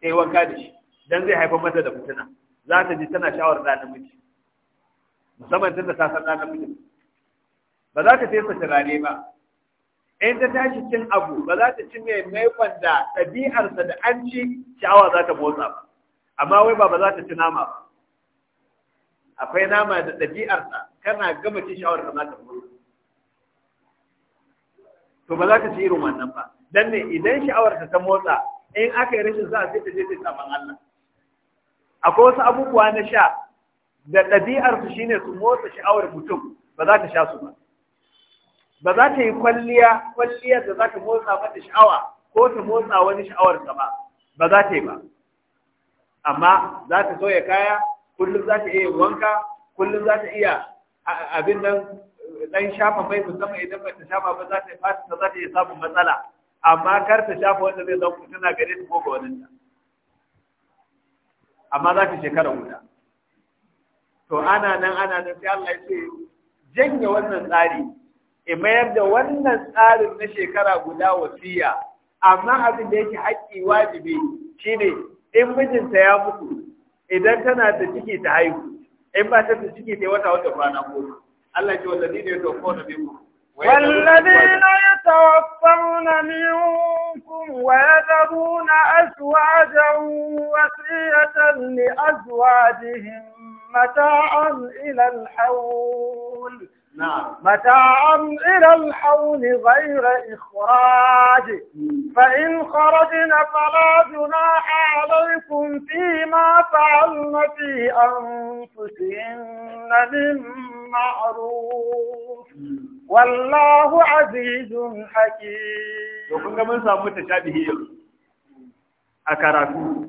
ta wanka da shi don zai haifar mata da mutuna, za ta ji tana shawar da namiji musamman tun da ta san da namiji ba za ta fesa turare ba in ta tashi cin abu ba za ta cinye maikon da ɗabi'arsa da an ci sha'awa za ta motsa ba amma wai ba ba za ta ci nama ba akwai nama da ɗabi'arsa kana gama cin sha'awar da mata ta to ba za ta ci irin wannan ba dan ne idan sha'awar ta ta motsa in aka yi rashin a sai ta je ta Allah akwai wasu abubuwa na sha da ɗabi'arsu shine su motsa sha'awar mutum ba za ta sha su ba ba za ta yi kwalliya kwalliyar da za ta motsa mata sha'awa ko ta motsa wani sha'awar ba ba za ta yi ba amma za ta sauya kaya kullum za ta iya wanka kullum za ta iya abin nan dan shafa mai musamman idan ba ta shafa ba za ta yi fata za ta iya samun matsala amma kar ta shafa wanda zai zama tana gare ta ko ga wani ta amma za ta shekara guda to ana nan ana nan sai Allah ya ce janye wannan tsari e mayar da wannan tsarin na shekara guda wasiya amma abin da yake haƙƙi wajibi shine in mijinta ya mutu idan tana da ciki ta haihu in ba ta da ciki ta wata wata kwana ko Allah ce wallazi ne to ko na biyu والذين يتوفون منكم ويذرون أزواجا وصية لأزواجهم متاعا إلى الحول متاعا إلى الحول غير إخراج فإن خرجن فلا جناح عليكم فيما فعلن في أنفسهن من معروف والله عزيز حكيم وكنا من سامو تشابه أكاراتو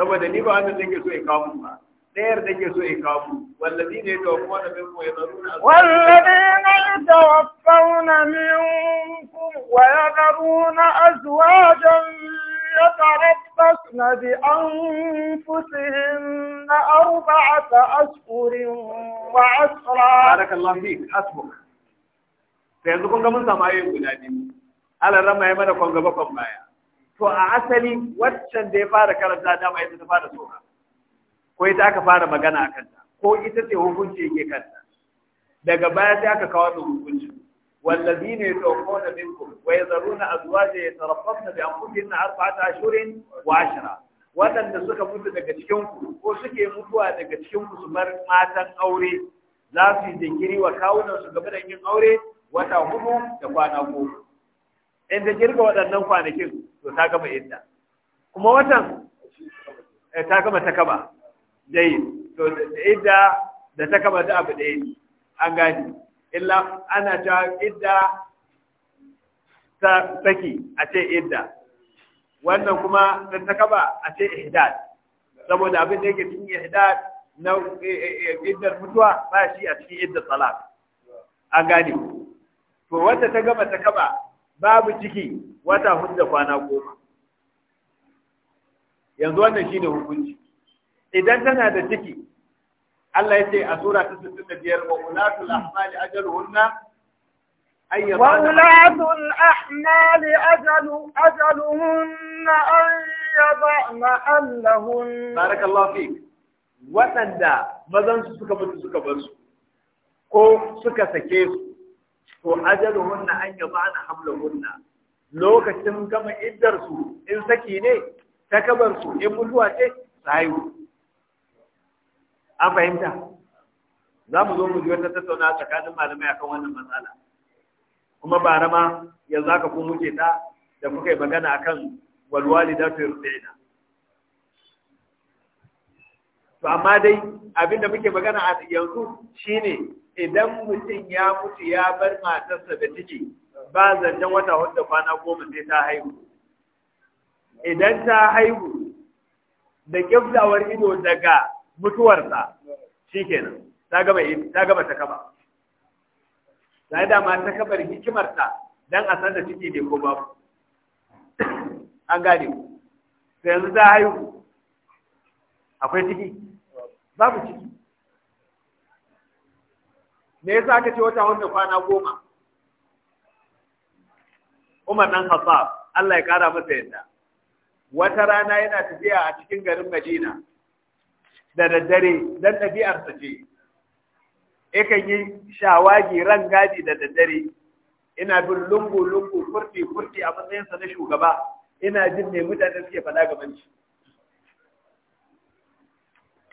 saboda ni ba wannan nake so in kawo ba ɗayar da ke so ya kawo wallazi ne ta kuma da bin kuma ya zaru wallazi ne ta wafau minkum wa ya na azwajan ya tarabbas na bi an fusihin na arba'ata askurin wa asra barakallahu fi hasbuk sai yanzu kun ga mun samu ayoyin guda biyu Allah rama ya mana kwan gaba baya to a asali wancan da ya fara karanta dama ita ta fara soka ko ita aka fara magana a kanta ko ita ce hukunci yake kanta daga baya sai aka kawo da hukunci والذين يتوفون منكم ويذرون ازواجا يتربصن بانفسهن اربعه Wa وعشرا waɗanda suka mutu daga cikinku ko suke mutuwa daga cikinku su bar matan aure za su yi jinkiri wa kawunan su gaba da yin aure wata hudu da kwana goma in ta girga waɗannan kwanakin to ta gama idda kuma watan eh, ta gama ta kaba dai to da idda da ta kama da abu ɗaya ne an gani illa ana ta idda ta saki a ce idda wannan kuma da ta kama a ce ihdad saboda abin da yake cikin ihdad na eh, eh, eh, iddar mutuwa ba shi a cikin iddar salat an gani to wanda ta gama ta kama babu ciki wata hudu da kwana goma yanzu wannan shine hukunci idan tana da ciki Allah ya ce a sura ta biyar wa ulatul ahmali ajaluhunna وولاة الأحمال أجل ajalu ajaluhunna يضعن حملهن بارك الله فيك waɗanda mazan su suka mutu suka bar su ko suka sake su to ajaluhunna an yabana hamlahunna lokacin gama iddar su in saki ne ta kabar su in mutuwa ce su haihu an fahimta za mu zo mu ji wata tattauna tsakanin malamai akan wannan matsala kuma bara ma yanzu haka ku muke ta da kuka yi magana akan walwalidatu yurdina to amma dai abinda muke magana a yanzu shine idan mutum ya mutu ya bar matarsa da ciki ba zancen wata wadda kwana goma sai ta haihu idan ta haihu da kyautawar ido daga mutuwarsa shikenan ta gaba ta gaba ta kaba sai yi dama ta kabar hikimarta don a san da ciki ne ko babu an gane ku sai yanzu ta haihu akwai ciki babu ciki me yasa aka ce wata wannan kwana goma Umar dan Khattab Allah ya kara masa yadda wata rana yana tafiya a cikin garin Madina da daddare dan ɗabi'arsa ce yakan yi shawagi ran gadi da daddare ina bin lungu lungu furti furti a matsayinsa na shugaba ina jin mai mutane suke faɗa gabanci.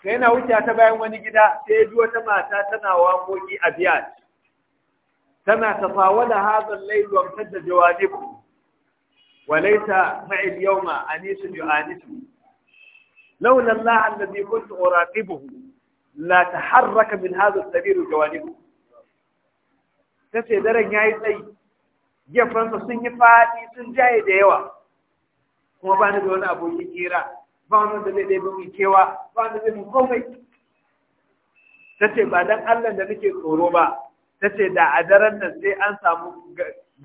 sai yana wuce ta bayan wani gida sai ji wata mata tana waƙoƙi a biyar. tana tafawala hazan lailu wa da jawanibu wa laysa ma'il yawma anisu yu'anisu لولا الله الذي كنت أراقبه لا تحرك من هذا السبيل جوانبه tace daren yayi tsayi gefansa sun yi fadi sun jaye da yawa kuma ba da wani abokin kira ba wani da zai ɗaya mai kewa ba wani zai komai tace ba dan Allah da nake tsoro ba tace da a daren nan sai an samu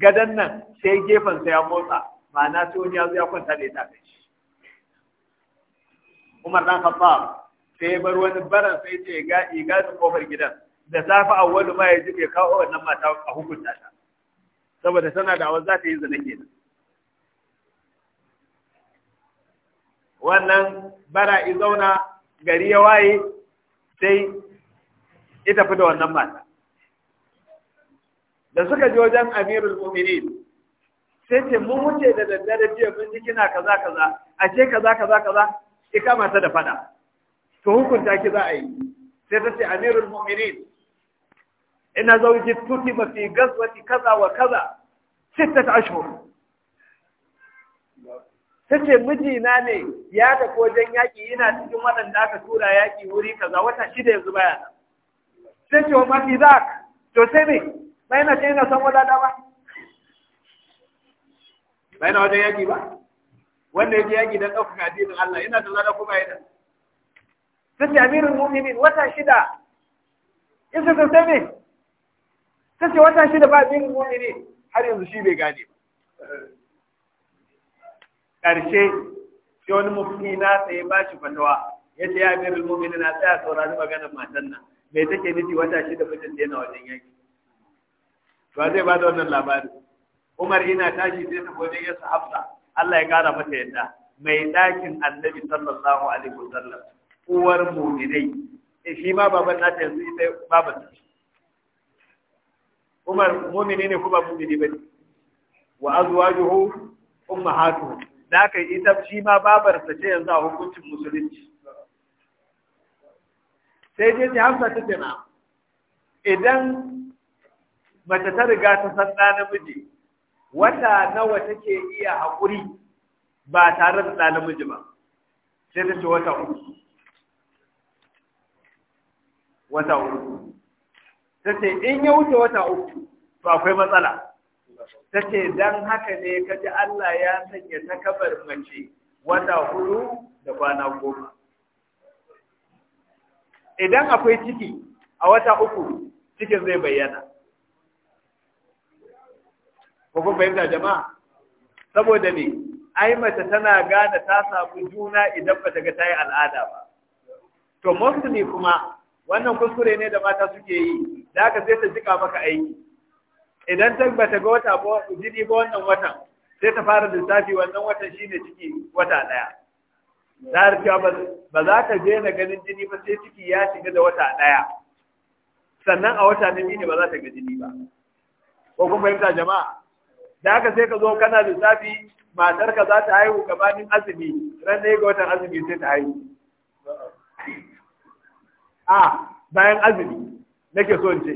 gadon nan sai gefen gefansa ya motsa ma'ana sai wani ya zo ya kwanta da ya tafi shi Umar dan Khattab sai bar wani baran sai ce ga igadin kofar gidan da safa awwalu ma yaji bai kawo wannan mata a hukunta ta saboda tana da awar za ta yi zina kenan wannan bara i zauna gari ya waye sai ita tafi da wannan mata da suka je wajen amirul mu'minin sai ce mun wuce da daddare jiya mun ji kina kaza kaza ashe kaza kaza kaza Ika mata da fada to hukunta ki za a yi sai ta ce amirul mu'minin ina zauji tuti ba fi gazwati kaza wa kaza sittat ashhur ta ce mijina ne ya ta wajen yaƙi yana cikin waɗanda aka tura yaƙi wuri kaza wata shida yanzu baya nan sai ce wa mafi zak to sai ne bai na ce yana san wadada ba bai na wajen yaƙi ba wanda ya je yaƙi don ɗaukaka addinin Allah yana da lada kuma bai da Su ce amirin mu'minin wata shida isa sun sami Su ce wata shida ba amirin mu'minin har yanzu shi bai gane ba ƙarshe sai wani mufti na tsaye ba shi fatawa ya ce ya amirin mu'minin na tsaya saurari maganar matan nan mai take nufi wata shida mutum da yana wajen yaƙi ba zai ba da wannan labari umar ina tashi sai ta gode ya hafsa Allah ya kara mata yadda mai ɗakin annabi sallallahu alaihi wasallam uwar mu'minai eh, shi ma baban nata yanzu ita baban Umar mu'mini ne kuma mu'mini bane wa azwajuhu ummahatu da kai ita shi ma babar ta ce yanzu a hukuncin musulunci sai je ta hamsa ta tana idan mace ta riga ta san ɗa namiji wata nawa take iya haƙuri ba tare da ɗan namiji ba sai ta ce wata uku wata uku ta ce in ya wuce wata uku to akwai matsala ta ce don haka ne kaji Allah ya sanya ta kabar mace wata huɗu da kwana goma idan akwai ciki a wata uku cikin zai bayyana ko kun fahimta jama'a saboda ne ai mace tana gane ta samu juna idan ba ta ga ta yi al'ada ba to mostly kuma wannan kuskure ne da mata suke yi da aka sai ta jika maka aiki idan ta bata ga wata ba jini ba wannan watan sai ta fara lissafi wannan watan shine ciki wata daya ta rufiya ba za ta je na ganin jini ba sai ciki ya shiga da wata daya sannan a wata na ne ba za ta ga jini ba ko kuma fahimta jama'a da haka sai ka zo kana lissafi matar ka za ta haihu gabanin azumi ran ne ga watan azumi sai ta haihu a bayan azumi nake so in ce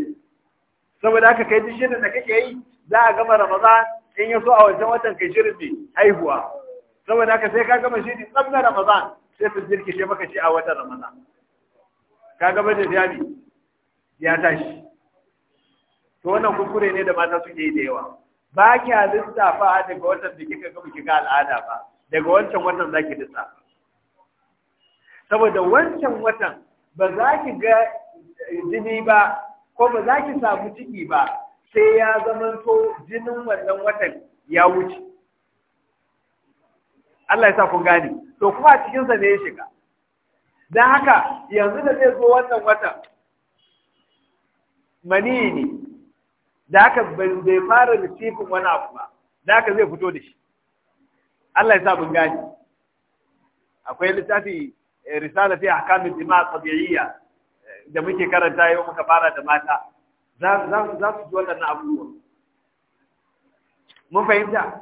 saboda haka kai duk shirin da kake yi za a gama ramadan in ya so a wancan watan kai shirin ne haihuwa saboda haka sai ka gama shiri tsam na ramadan sai su jirki shi maka ce a watan ramadan ka gama da jami ya tashi to wannan kuskure ne da mata suke yi da yawa ba kya lissafa daga watan da kika gama kika al'ada ba daga wancan watan zaki lissafa saboda wancan watan ba za ki ga jini ba ko ba za ki samu ciki ba sai ya zama so jinin wannan watan ya wuce Allah ya sa kun gane to kuma a cikinsa ne ya shiga don haka yanzu da zai zo wannan watan mani ne da haka bai fara cikin wani abu ba da haka zai fito da shi Allah ya sa mun gani akwai littafi eh, risala fi ahkamul jima'a tabi'iyya eh, da muke karanta yau muka fara da mata za su ji na abubuwa mun fahimta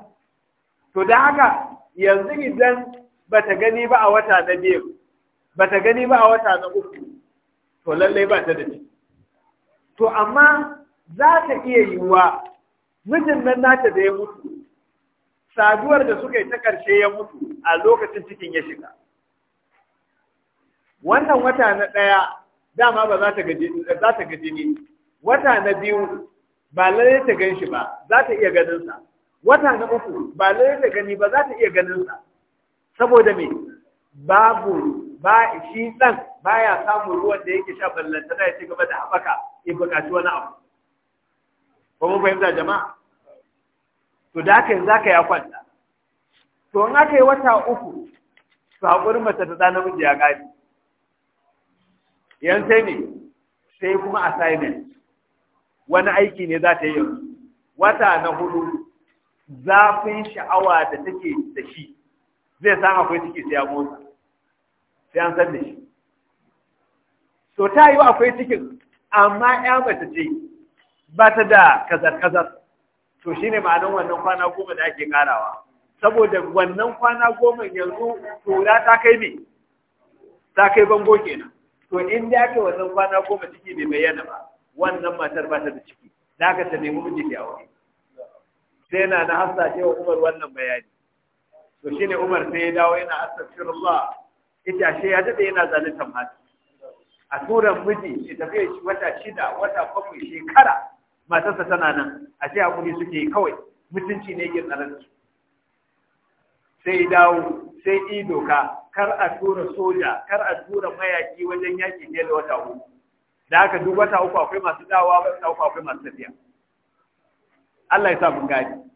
to da haka yanzu idan bata gani ba a wata na biyu bata gani ba a wata na uku to lallai ba ta da ciki to amma za ta iya yiwuwa mijin nan nata da ya mutu saduwar da suka yi ta ƙarshe ya mutu a lokacin cikin ya shiga wannan wata na ɗaya dama ba za ta gaji ne wata na biyu ba lalle ta gan shi ba za ta iya ganin wata na uku ba lalle ta gani ba za ta iya ganin saboda me babu ba shi ɗan baya samun ruwan da yake sha ballantana ya ci gaba da haɓaka ya buƙaci wani abu ko mun fahimta jama'a to da haka yanzu aka ya kwanta to in aka yi wata uku su haƙuri mace ta ɗana miji ya gani yan sai ne sai kuma assignment wani aiki ne za ta yi yanzu wata na hudu zafin sha'awa da take da shi zai san akwai ciki sai ya motsa sai an san da shi to ta yi akwai cikin amma ya mace ce ba ta da kazar-kazar to shi ne ma'anin wannan kwana goma da ake karawa saboda wannan kwana goma yanzu tura ta kai ne ta kai bango kenan to inda da ake wannan kwana goma ciki bai bayyana ba wannan matar ba ta da ciki da aka ta nemi miji da aure sai na na hasa cewa umar wannan bayani to shi ne umar sai ya dawo yana astaghfirullah ita shi ya dade yana zalunta mata a turan miji shi tafiya wata shida wata bakwai shekara matarsa tana nan a ce hakuri suke kawai mutunci ne yake tsaron su sai dawo sai i doka kar a tura soja kar a tura mayaki wajen yaƙi fiye da wata uku da haka duk wata uku akwai masu dawowa wata uku akwai masu tafiya Allah ya sa mun gani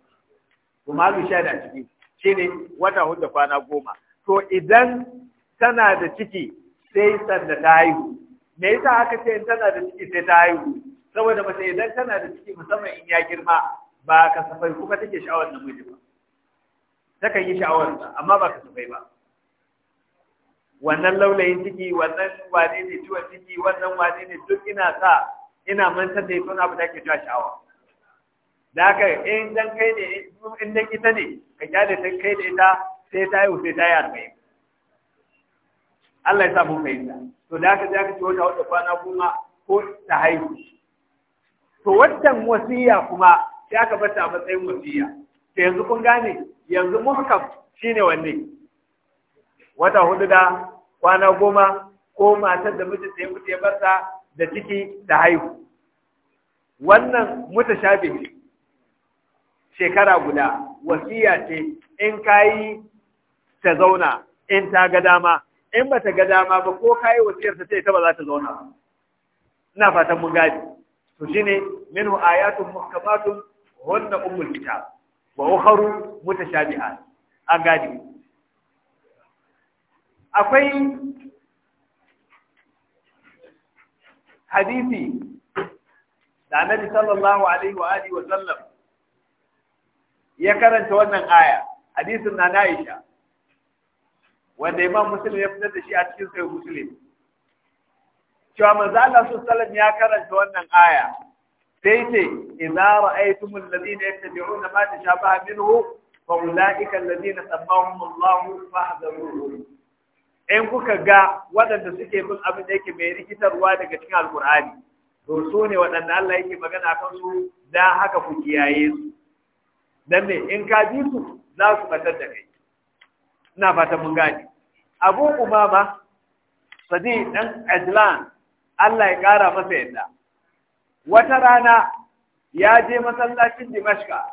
kuma mu sha da ciki shine wata hudu da kwana goma to idan tana da ciki sai sanda ta haihu me yasa aka ce in tana da ciki sai ta haihu saboda mace idan tana da ciki musamman in ya girma ba ka safai kuma take sha'awar namiji ba Ta kan yi sha'awar ba amma ba ka safai ba wannan laulayin ciki wannan wane ne ciwon ciki wannan wane ne duk ina sa ina mantar da ita abu da ke ta sha'awa da haka in dan kai ne in dan ita ne ka kyale ta kai da ita sai ta yi sai ta yi arba'in Allah ya sa mun fahimta to da haka za ka ci wata wata kwana goma ko ta haihu to wannan wasiya kuma sai aka bata a matsayin wasiya to yanzu kun gane yanzu muhkam shine wanne wata hudu da kwana goma ko matar da mijinta ya mutu ya barta da ciki da haihu wannan mutashabih shekara guda wasiya ce in kayi ta zauna in ta ga dama in bata ga dama ba ko kayi wasiyar ta ce ta ba za ta zauna ina fatan mun gadi to ne minhu ayatun muhkamatun hunna ummul kitab wa gadi akwai hadisi da annabi sallallahu alaihi wa alihi wa sallam ya karanta wannan aya hadisin na Aisha wanda Imam Muslim ya fitar da shi a cikin sai Muslim cewa manzo Allah sallallahu ya karanta wannan aya sai ce idza ra'aytumul ladina yattabi'una ma tashabaha minhu fa ulaika alladina tabbahum Allah fahdharuhum in kuka ga waɗanda suke bin abin da yake mai rikitarwa daga cikin alkur'ani to su ne waɗanda Allah yake magana kan su da haka ku kiyaye su dan me in ka ji su za su batar da kai ina fatan mun gane abu umama sadi dan ajlan Allah ya ƙara masa yadda wata rana ya je masallacin Dimashka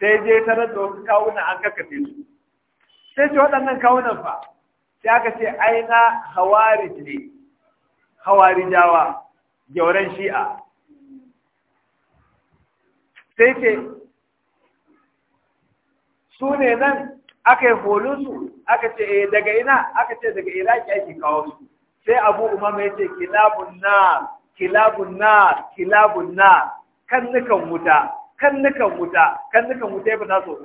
sai je ta da wasu kawunan an kakkafe su sai ce waɗannan kawunan fa sai aka ce aina hawari ne hawarijawa gyauran shi'a sai ce su ne nan aka yi holinsu aka ce eh, daga ina aka ce daga iraki ake kawo su sai abu umama ya ce kilabun na kilabun na kilabun na kan nukan wuta kan nukan wuta kan nukan wuta ya fita sau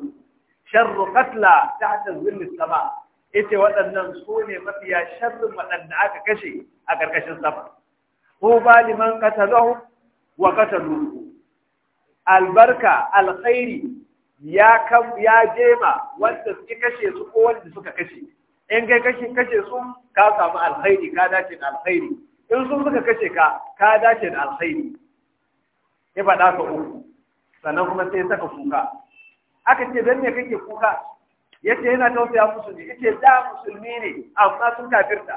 sharru katla ta hatar zillin sama ita waɗannan su ne mafiya sharrin waɗanda aka kashe a ƙarƙashin sama ko ba liman katalahu wa katalu albarka alkhairi ya kam ya jema wanda suke kashe su ko wanda suka kashe in kai kashe kashe su ka samu alkhairi ka dace da alkhairi in sun suka kashe ka ka dace da alkhairi ya faɗa ka uku sannan kuma sai saka kuka aka ce don me kake kuka Ya ce yana tausaya musu ne yace da musulmi ne amma sun kafirta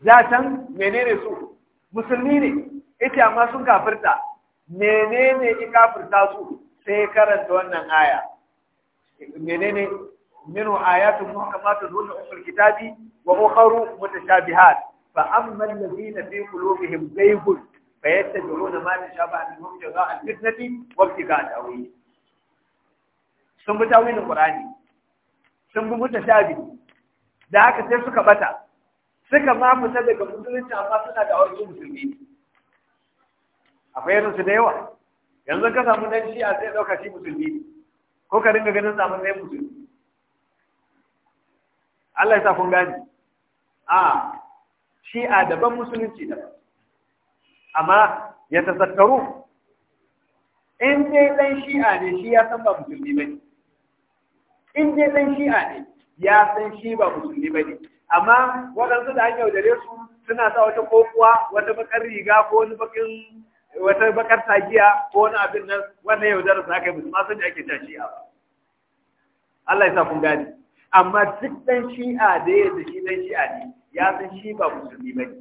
da can menene su musulmi ne yace amma sun kafirta menene ikafirta su sai karanta wannan aya menene من آيات المحكمات هن أم الكتاب وأخر متشابهات فأما الذين في قلوبهم زيغ فيتبعون ما تشابه منه ابتغاء الفتنة وابتغاء تأويله sun bi tawilin Qur'ani sun bi mutashabi da haka sai suka bata suka ma fita daga musulunci amma suna da aure musulmi akwai irin su da yawa yanzu ka samu nan shi a sai dauka shi musulmi ko ka dinga ganin samun sai musulmi Allah ya sa kun gani a shi'a daban musulunci da amma ya tasattaru in dai dan shi'a ne shi ya san ba musulmi bane in dai dan shi'a ne ya san shi ba musulmi bane amma waɗansu da an yaudare su suna sa wata kokuwa wata bakar riga ko wani bakin wata bakar tagiya ko wani abin nan wannan yaudarar sa aka yi musu ma sun da ake ta shi'a Allah ya sa kun gani amma duk ɗan shi'a da ya da shi ɗan shi'a ne ya san shi ba musulmi ba ne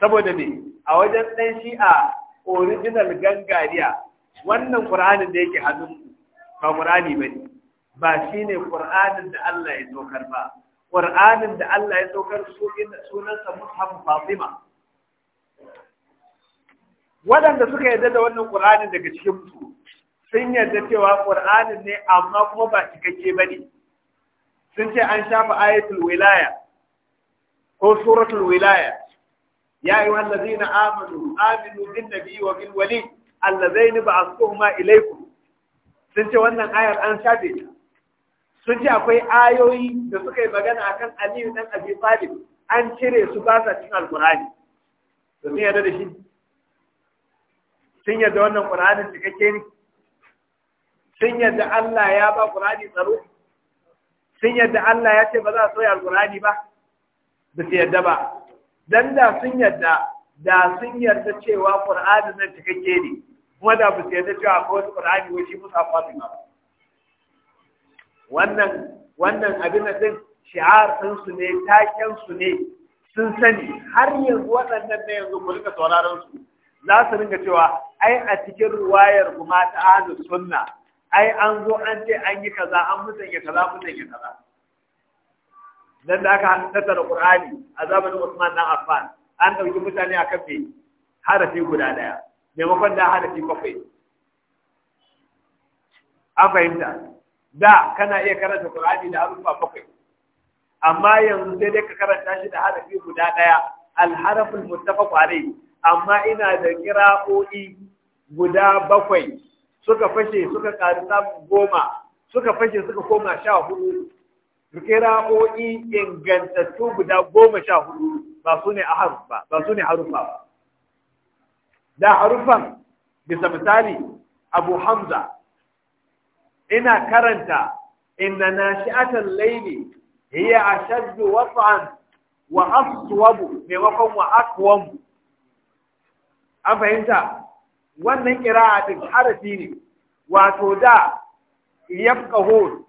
saboda ne, a wajen ɗan shi'a original gangariya wannan ƙur'anin da yake hannun ba ƙur'ani ba ne ba shi ne ƙur'anin da Allah ya saukar ba ƙur'anin da Allah ya saukar sunansa mushaf Fatima waɗanda suka yarda da wannan ƙur'anin daga cikin su sun yarda cewa ƙur'anin ne amma kuma ba cikakke ba ne sun ce an shafa ayatul wilaya ko suratul wilaya ya zai na Amadu, aminu da biyu wa bin wali allazaini ma ilaiku. sun ce wannan ayar an shafe ta sun ce akwai ayoyi da suka yi magana a kan aliyu ɗan abi talib an cire su ba sa cin alkurani Da sun yarda da shi sun yarda wannan qur'anin cikakke ne sun yarda Allah ya ba qur'ani tsaro sun yadda Allah ya ce ba za a soya alkurani ba ba su yadda ba dan da sun yadda da sun yarda cewa Qur'ani nan ke ne kuma da ba su yarda cewa akwai wasu Qur'ani wai shi musa kwafi ba wannan wannan abin din shi'ar sun su ne taken ne sun sani har yanzu waɗannan ne yanzu mu rika sauraron su za su ringa cewa ai a cikin ruwayar kuma ta sunna ai an zo an ce an yi kaza an musanya kaza musanya kaza dan da aka hannata da Qur'ani a zamanin Usman dan Affan an dauki mutane aka fi harafi guda daya maimakon da harafi bakwai an fahimta da kana iya karanta Qur'ani da harufa bakwai amma yanzu sai dai ka karanta shi da harafi guda daya al-harful muttafaq alayhi amma ina da qira'o'i guda bakwai suka fashe suka ƙari samun goma suka fashe suka koma sha hudu ra'o'i ingantattu guda goma sha hudu ba su ne a harufa ba su ne harufa ba da harufan bisa misali abu hamza ina karanta inna nashi'atal a hiya wasu wat'an wa aswabu maimakon wa aqwam an fahimta wannan ƙira'a din harafi ne wato da yafqahun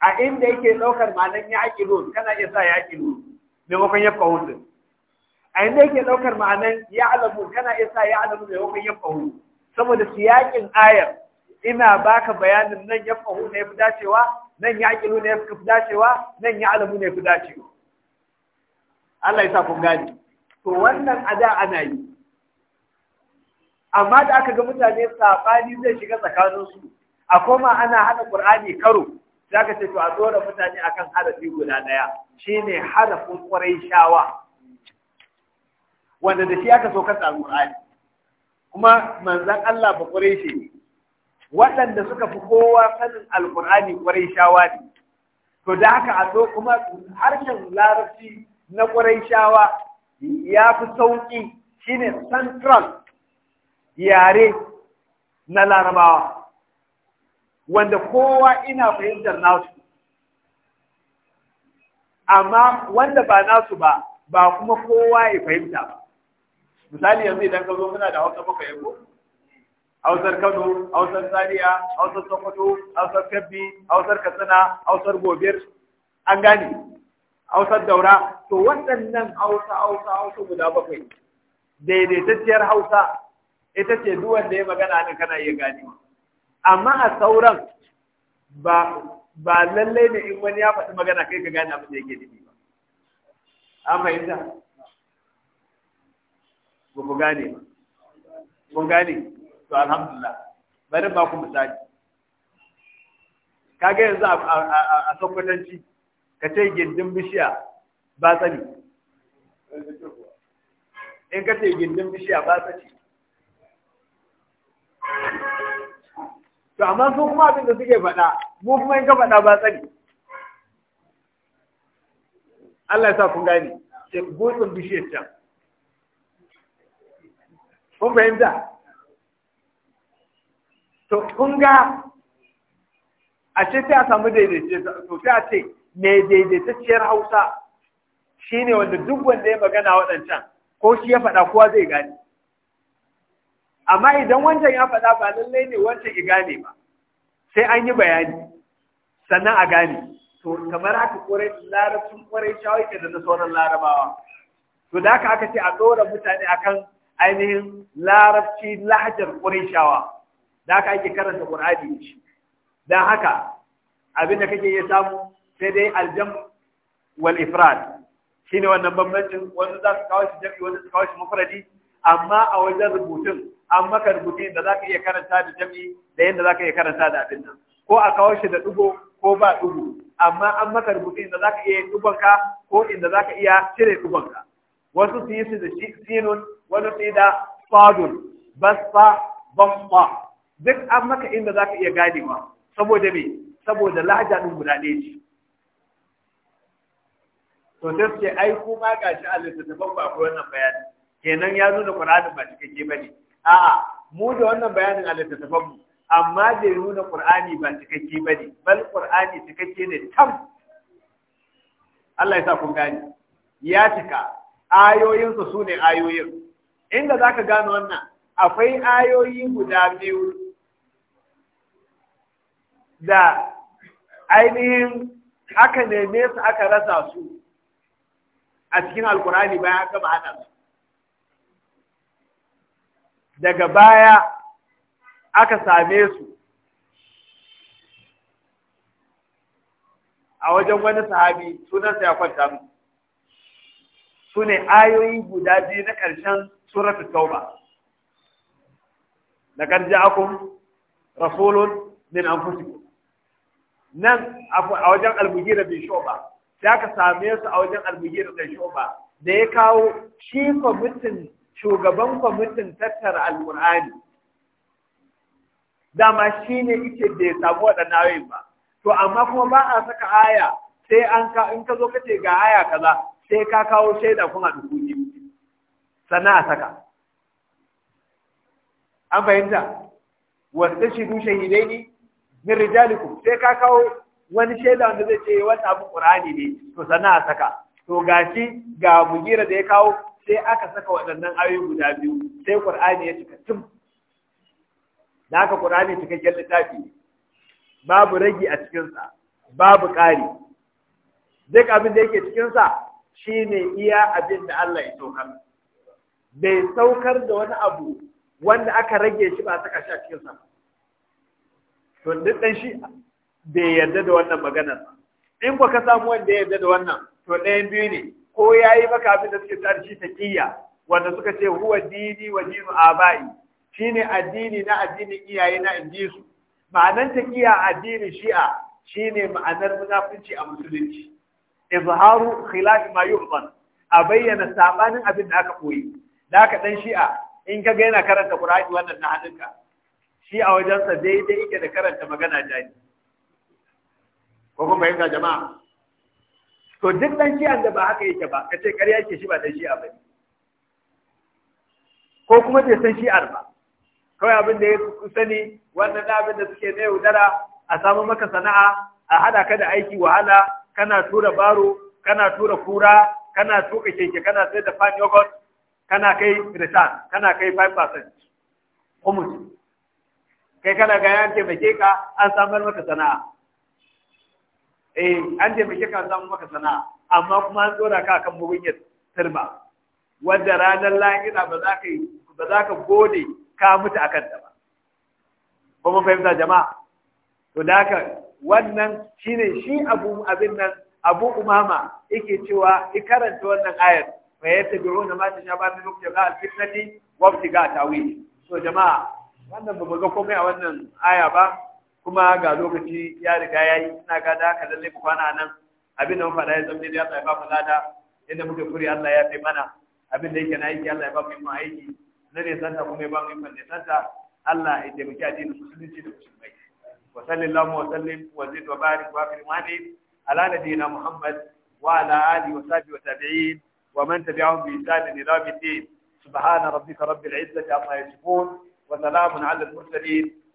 a inda yake ɗaukar ma'anan ya aqilun kana iya sa ya aqilun maimakon yafqahun din a inda yake ɗaukar ma'anan ya alamu kana iya sa ya alamu maimakon yafqahun saboda siyakin ayar ina baka bayanin nan yafqahun ne fi dacewa nan ya aqilun ne fi dacewa nan ya alamu ne fi dacewa Allah ya sa kun gani to wannan ada ana yi amma da aka ga mutane saɓani zai shiga tsakaninsu a koma ana hada ƙur'ani karo za ka ce to a tsora mutane akan harafi guda ɗaya shine harafin ƙwarai shawa wanda da shi aka so kasa ƙur'ani kuma manzan Allah ba ƙwarai shi ne waɗanda suka fi kowa sanin alƙur'ani ƙwarai shawa ne to da haka a zo kuma harshen larabci na ƙwarai shawa ya fi sauƙi shine central yare na larabawa wanda kowa ina fahimtar nasu amma wanda ba nasu ba ba kuma kowa ya fahimta ba misali yanzu idan ka zo muna da hausa maka yabo hausar kano hausar zaria hausar sokoto hausar kabbi hausar katsina hausar gobir an gane hausar daura to waɗannan hausa hausa hausa guda bakwai daidaitacciyar hausa ita ce duk wanda ya magana ne kana iya gane amma a sauran ba ba lallai ne in wani ya faɗi magana kai ka gane abin da yake nufi ba an fahimta ba ku gane ba kun gane to alhamdulillah bari ba ku misali Ka ga yanzu a sokwatanci ka ce gindin bishiya ba tsani in ka ce gindin bishiya ba tsani to amma su kuma abin da suke faɗa mu kuma in ka faɗa ba tsari Allah ya sa kun gane gutsun bishiyar can kun fahimta to kun ga a ce sai a samu daidaice, to sai a ce mai daidaitacciyar hausa shine wanda duk wanda ya magana waɗancan ko shi ya faɗa kowa zai gani. amma idan wancan ya faɗa ba lallai ne wancan ya gane ba sai an yi bayani sannan a gane to kamar haka kore larabcin kore shawai ke da na sauran larabawa to da aka aka ce a ɗora mutane akan ainihin larabci lahajar kore shawa da aka ake karanta qur'ani da shi haka abin da kake iya samu sai dai aljam wal ifrad shine wannan bambancin wanda za su kawo shi jami'i wanda su kawo shi mafaradi amma a wajen rubutun an maka rubutu da zaka iya karanta da jami'i da yanda zaka iya karanta da abin nan ko a kawo shi da dugo ko ba dugo amma an maka rubutu da zaka iya dugon ka ko inda zaka iya cire dugon ka wasu su yi su da sinun wani su yi da fadun basfa bamfa duk an maka inda zaka iya ganewa saboda me saboda lahaja din guda ɗaya ce to sai ce ai kuma shi a littattafan ba akwai wannan bayani kenan ya zo da Qur'ani ba cikakke bane a'a mu da wannan bayanin a littattafan mu amma da ya nuna qur'ani ba cikakke bane bal qur'ani cikakke ne tam Allah ya sa kun gane ya cika ayoyinsa su ne ayoyin inda zaka gane wannan akwai ayoyi guda biyu da ainihin aka neme su aka rasa su a cikin alkurani bayan aka ba hada su daga baya aka same su a wajen wani sahabi sunansa ya kwanta mu su ne ayoyi guda biyu na ƙarshen suratul tauba laqad ja'akum rasulun min anfusikum nan a wajen al da bin shu'ba ya aka same su a wajen al da bin da ya kawo shi mutum shugaban kwamitin tattara alkur'ani dama shi ne ike da ya samu waɗannan ayoyin ba to amma kuma ba a saka aya sai an ka in ka zo ka ce ga aya kaza sai ka kawo shaida kuma a dukuji sannan a saka an fahimta wasu shidu shahidai ne min Rijaliku sai ka kawo wani shaida wanda zai ce wata abu ƙur'ani ne to sannan a saka to gashi ga mugira da ya kawo sai aka saka waɗannan ayoyi guda biyu sai Qur'ani ya cika tum da aka Qur'ani kyan littafi babu ragi a cikin sa babu ƙari duk abin da yake cikin sa shine iya abin da Allah ya saukar bai saukar da wani abu wanda aka rage shi ba saka shi a cikin sa to duk dan shi bai yarda da wannan maganar in ba ka samu wanda ya yarda da wannan to ɗayan biyu ne ko yi maka abin da suke tsarci kiyya wanda suka ce huwa dini wa dinu abai shine addini na addinin iyaye na inji su ma'anar kiyya addinin shi'a shine ma'anar munafunci a musulunci izharu khilaf ma a bayyana sabanin abin da aka koyi da aka dan shi'a in kaga yana karanta qur'ani wannan na hadinka shi a wajensa daidai yake da karanta magana jani ko kuma yanka jama'a to duk dan shi'an da ba haka yake ba ka ce ƙarya yake shi ba dan shi'a ba ko kuma bai san shi'ar ba kawai abin da ya sani wannan abin da suke na yaudara a samu maka sana'a a hada ka da aiki wahala kana tura baro kana tura kura kana tuka keke kana sai da fan yogurt kana kai return kana kai 5% kuma kai kana ga yanke mai ka an samar maka sana'a eh an taimake ka samu maka sana'a amma kuma an tsora ka kan mugunyar turba wadda ranar lahira ba za ka ba za ka gode ka mutu a kanta ba ko mun fahimta jama'a to da haka wannan shine shi abu abin nan abu umama yake cewa i karanta wannan ayar fa yattabi'una ma ba min waqti al-fitnati wa ibtiga ta'wil so jama'a wannan ba ga komai a wannan aya ba kuma ga lokaci ya riga ya yi ina gada haka lalle mu kwana nan abin da mun faɗa ya zama ya ya ba mu lada inda muke furi Allah ya fi mana abin da yake na aiki Allah ya ba mu yin aiki na ne santa kuma ya ba mu yin ne santa Allah ya taimaki addinin musulunci da musulmai wa sallallahu wa sallim wa zid wa barik wa akrim hadi ala nabiyina Muhammad wa ala alihi wa sahbihi wa tabi'in wa man tabi'ahum bi ihsan ila yawm الدين سبحان ربك رب العزة عما يصفون وسلام على المرسلين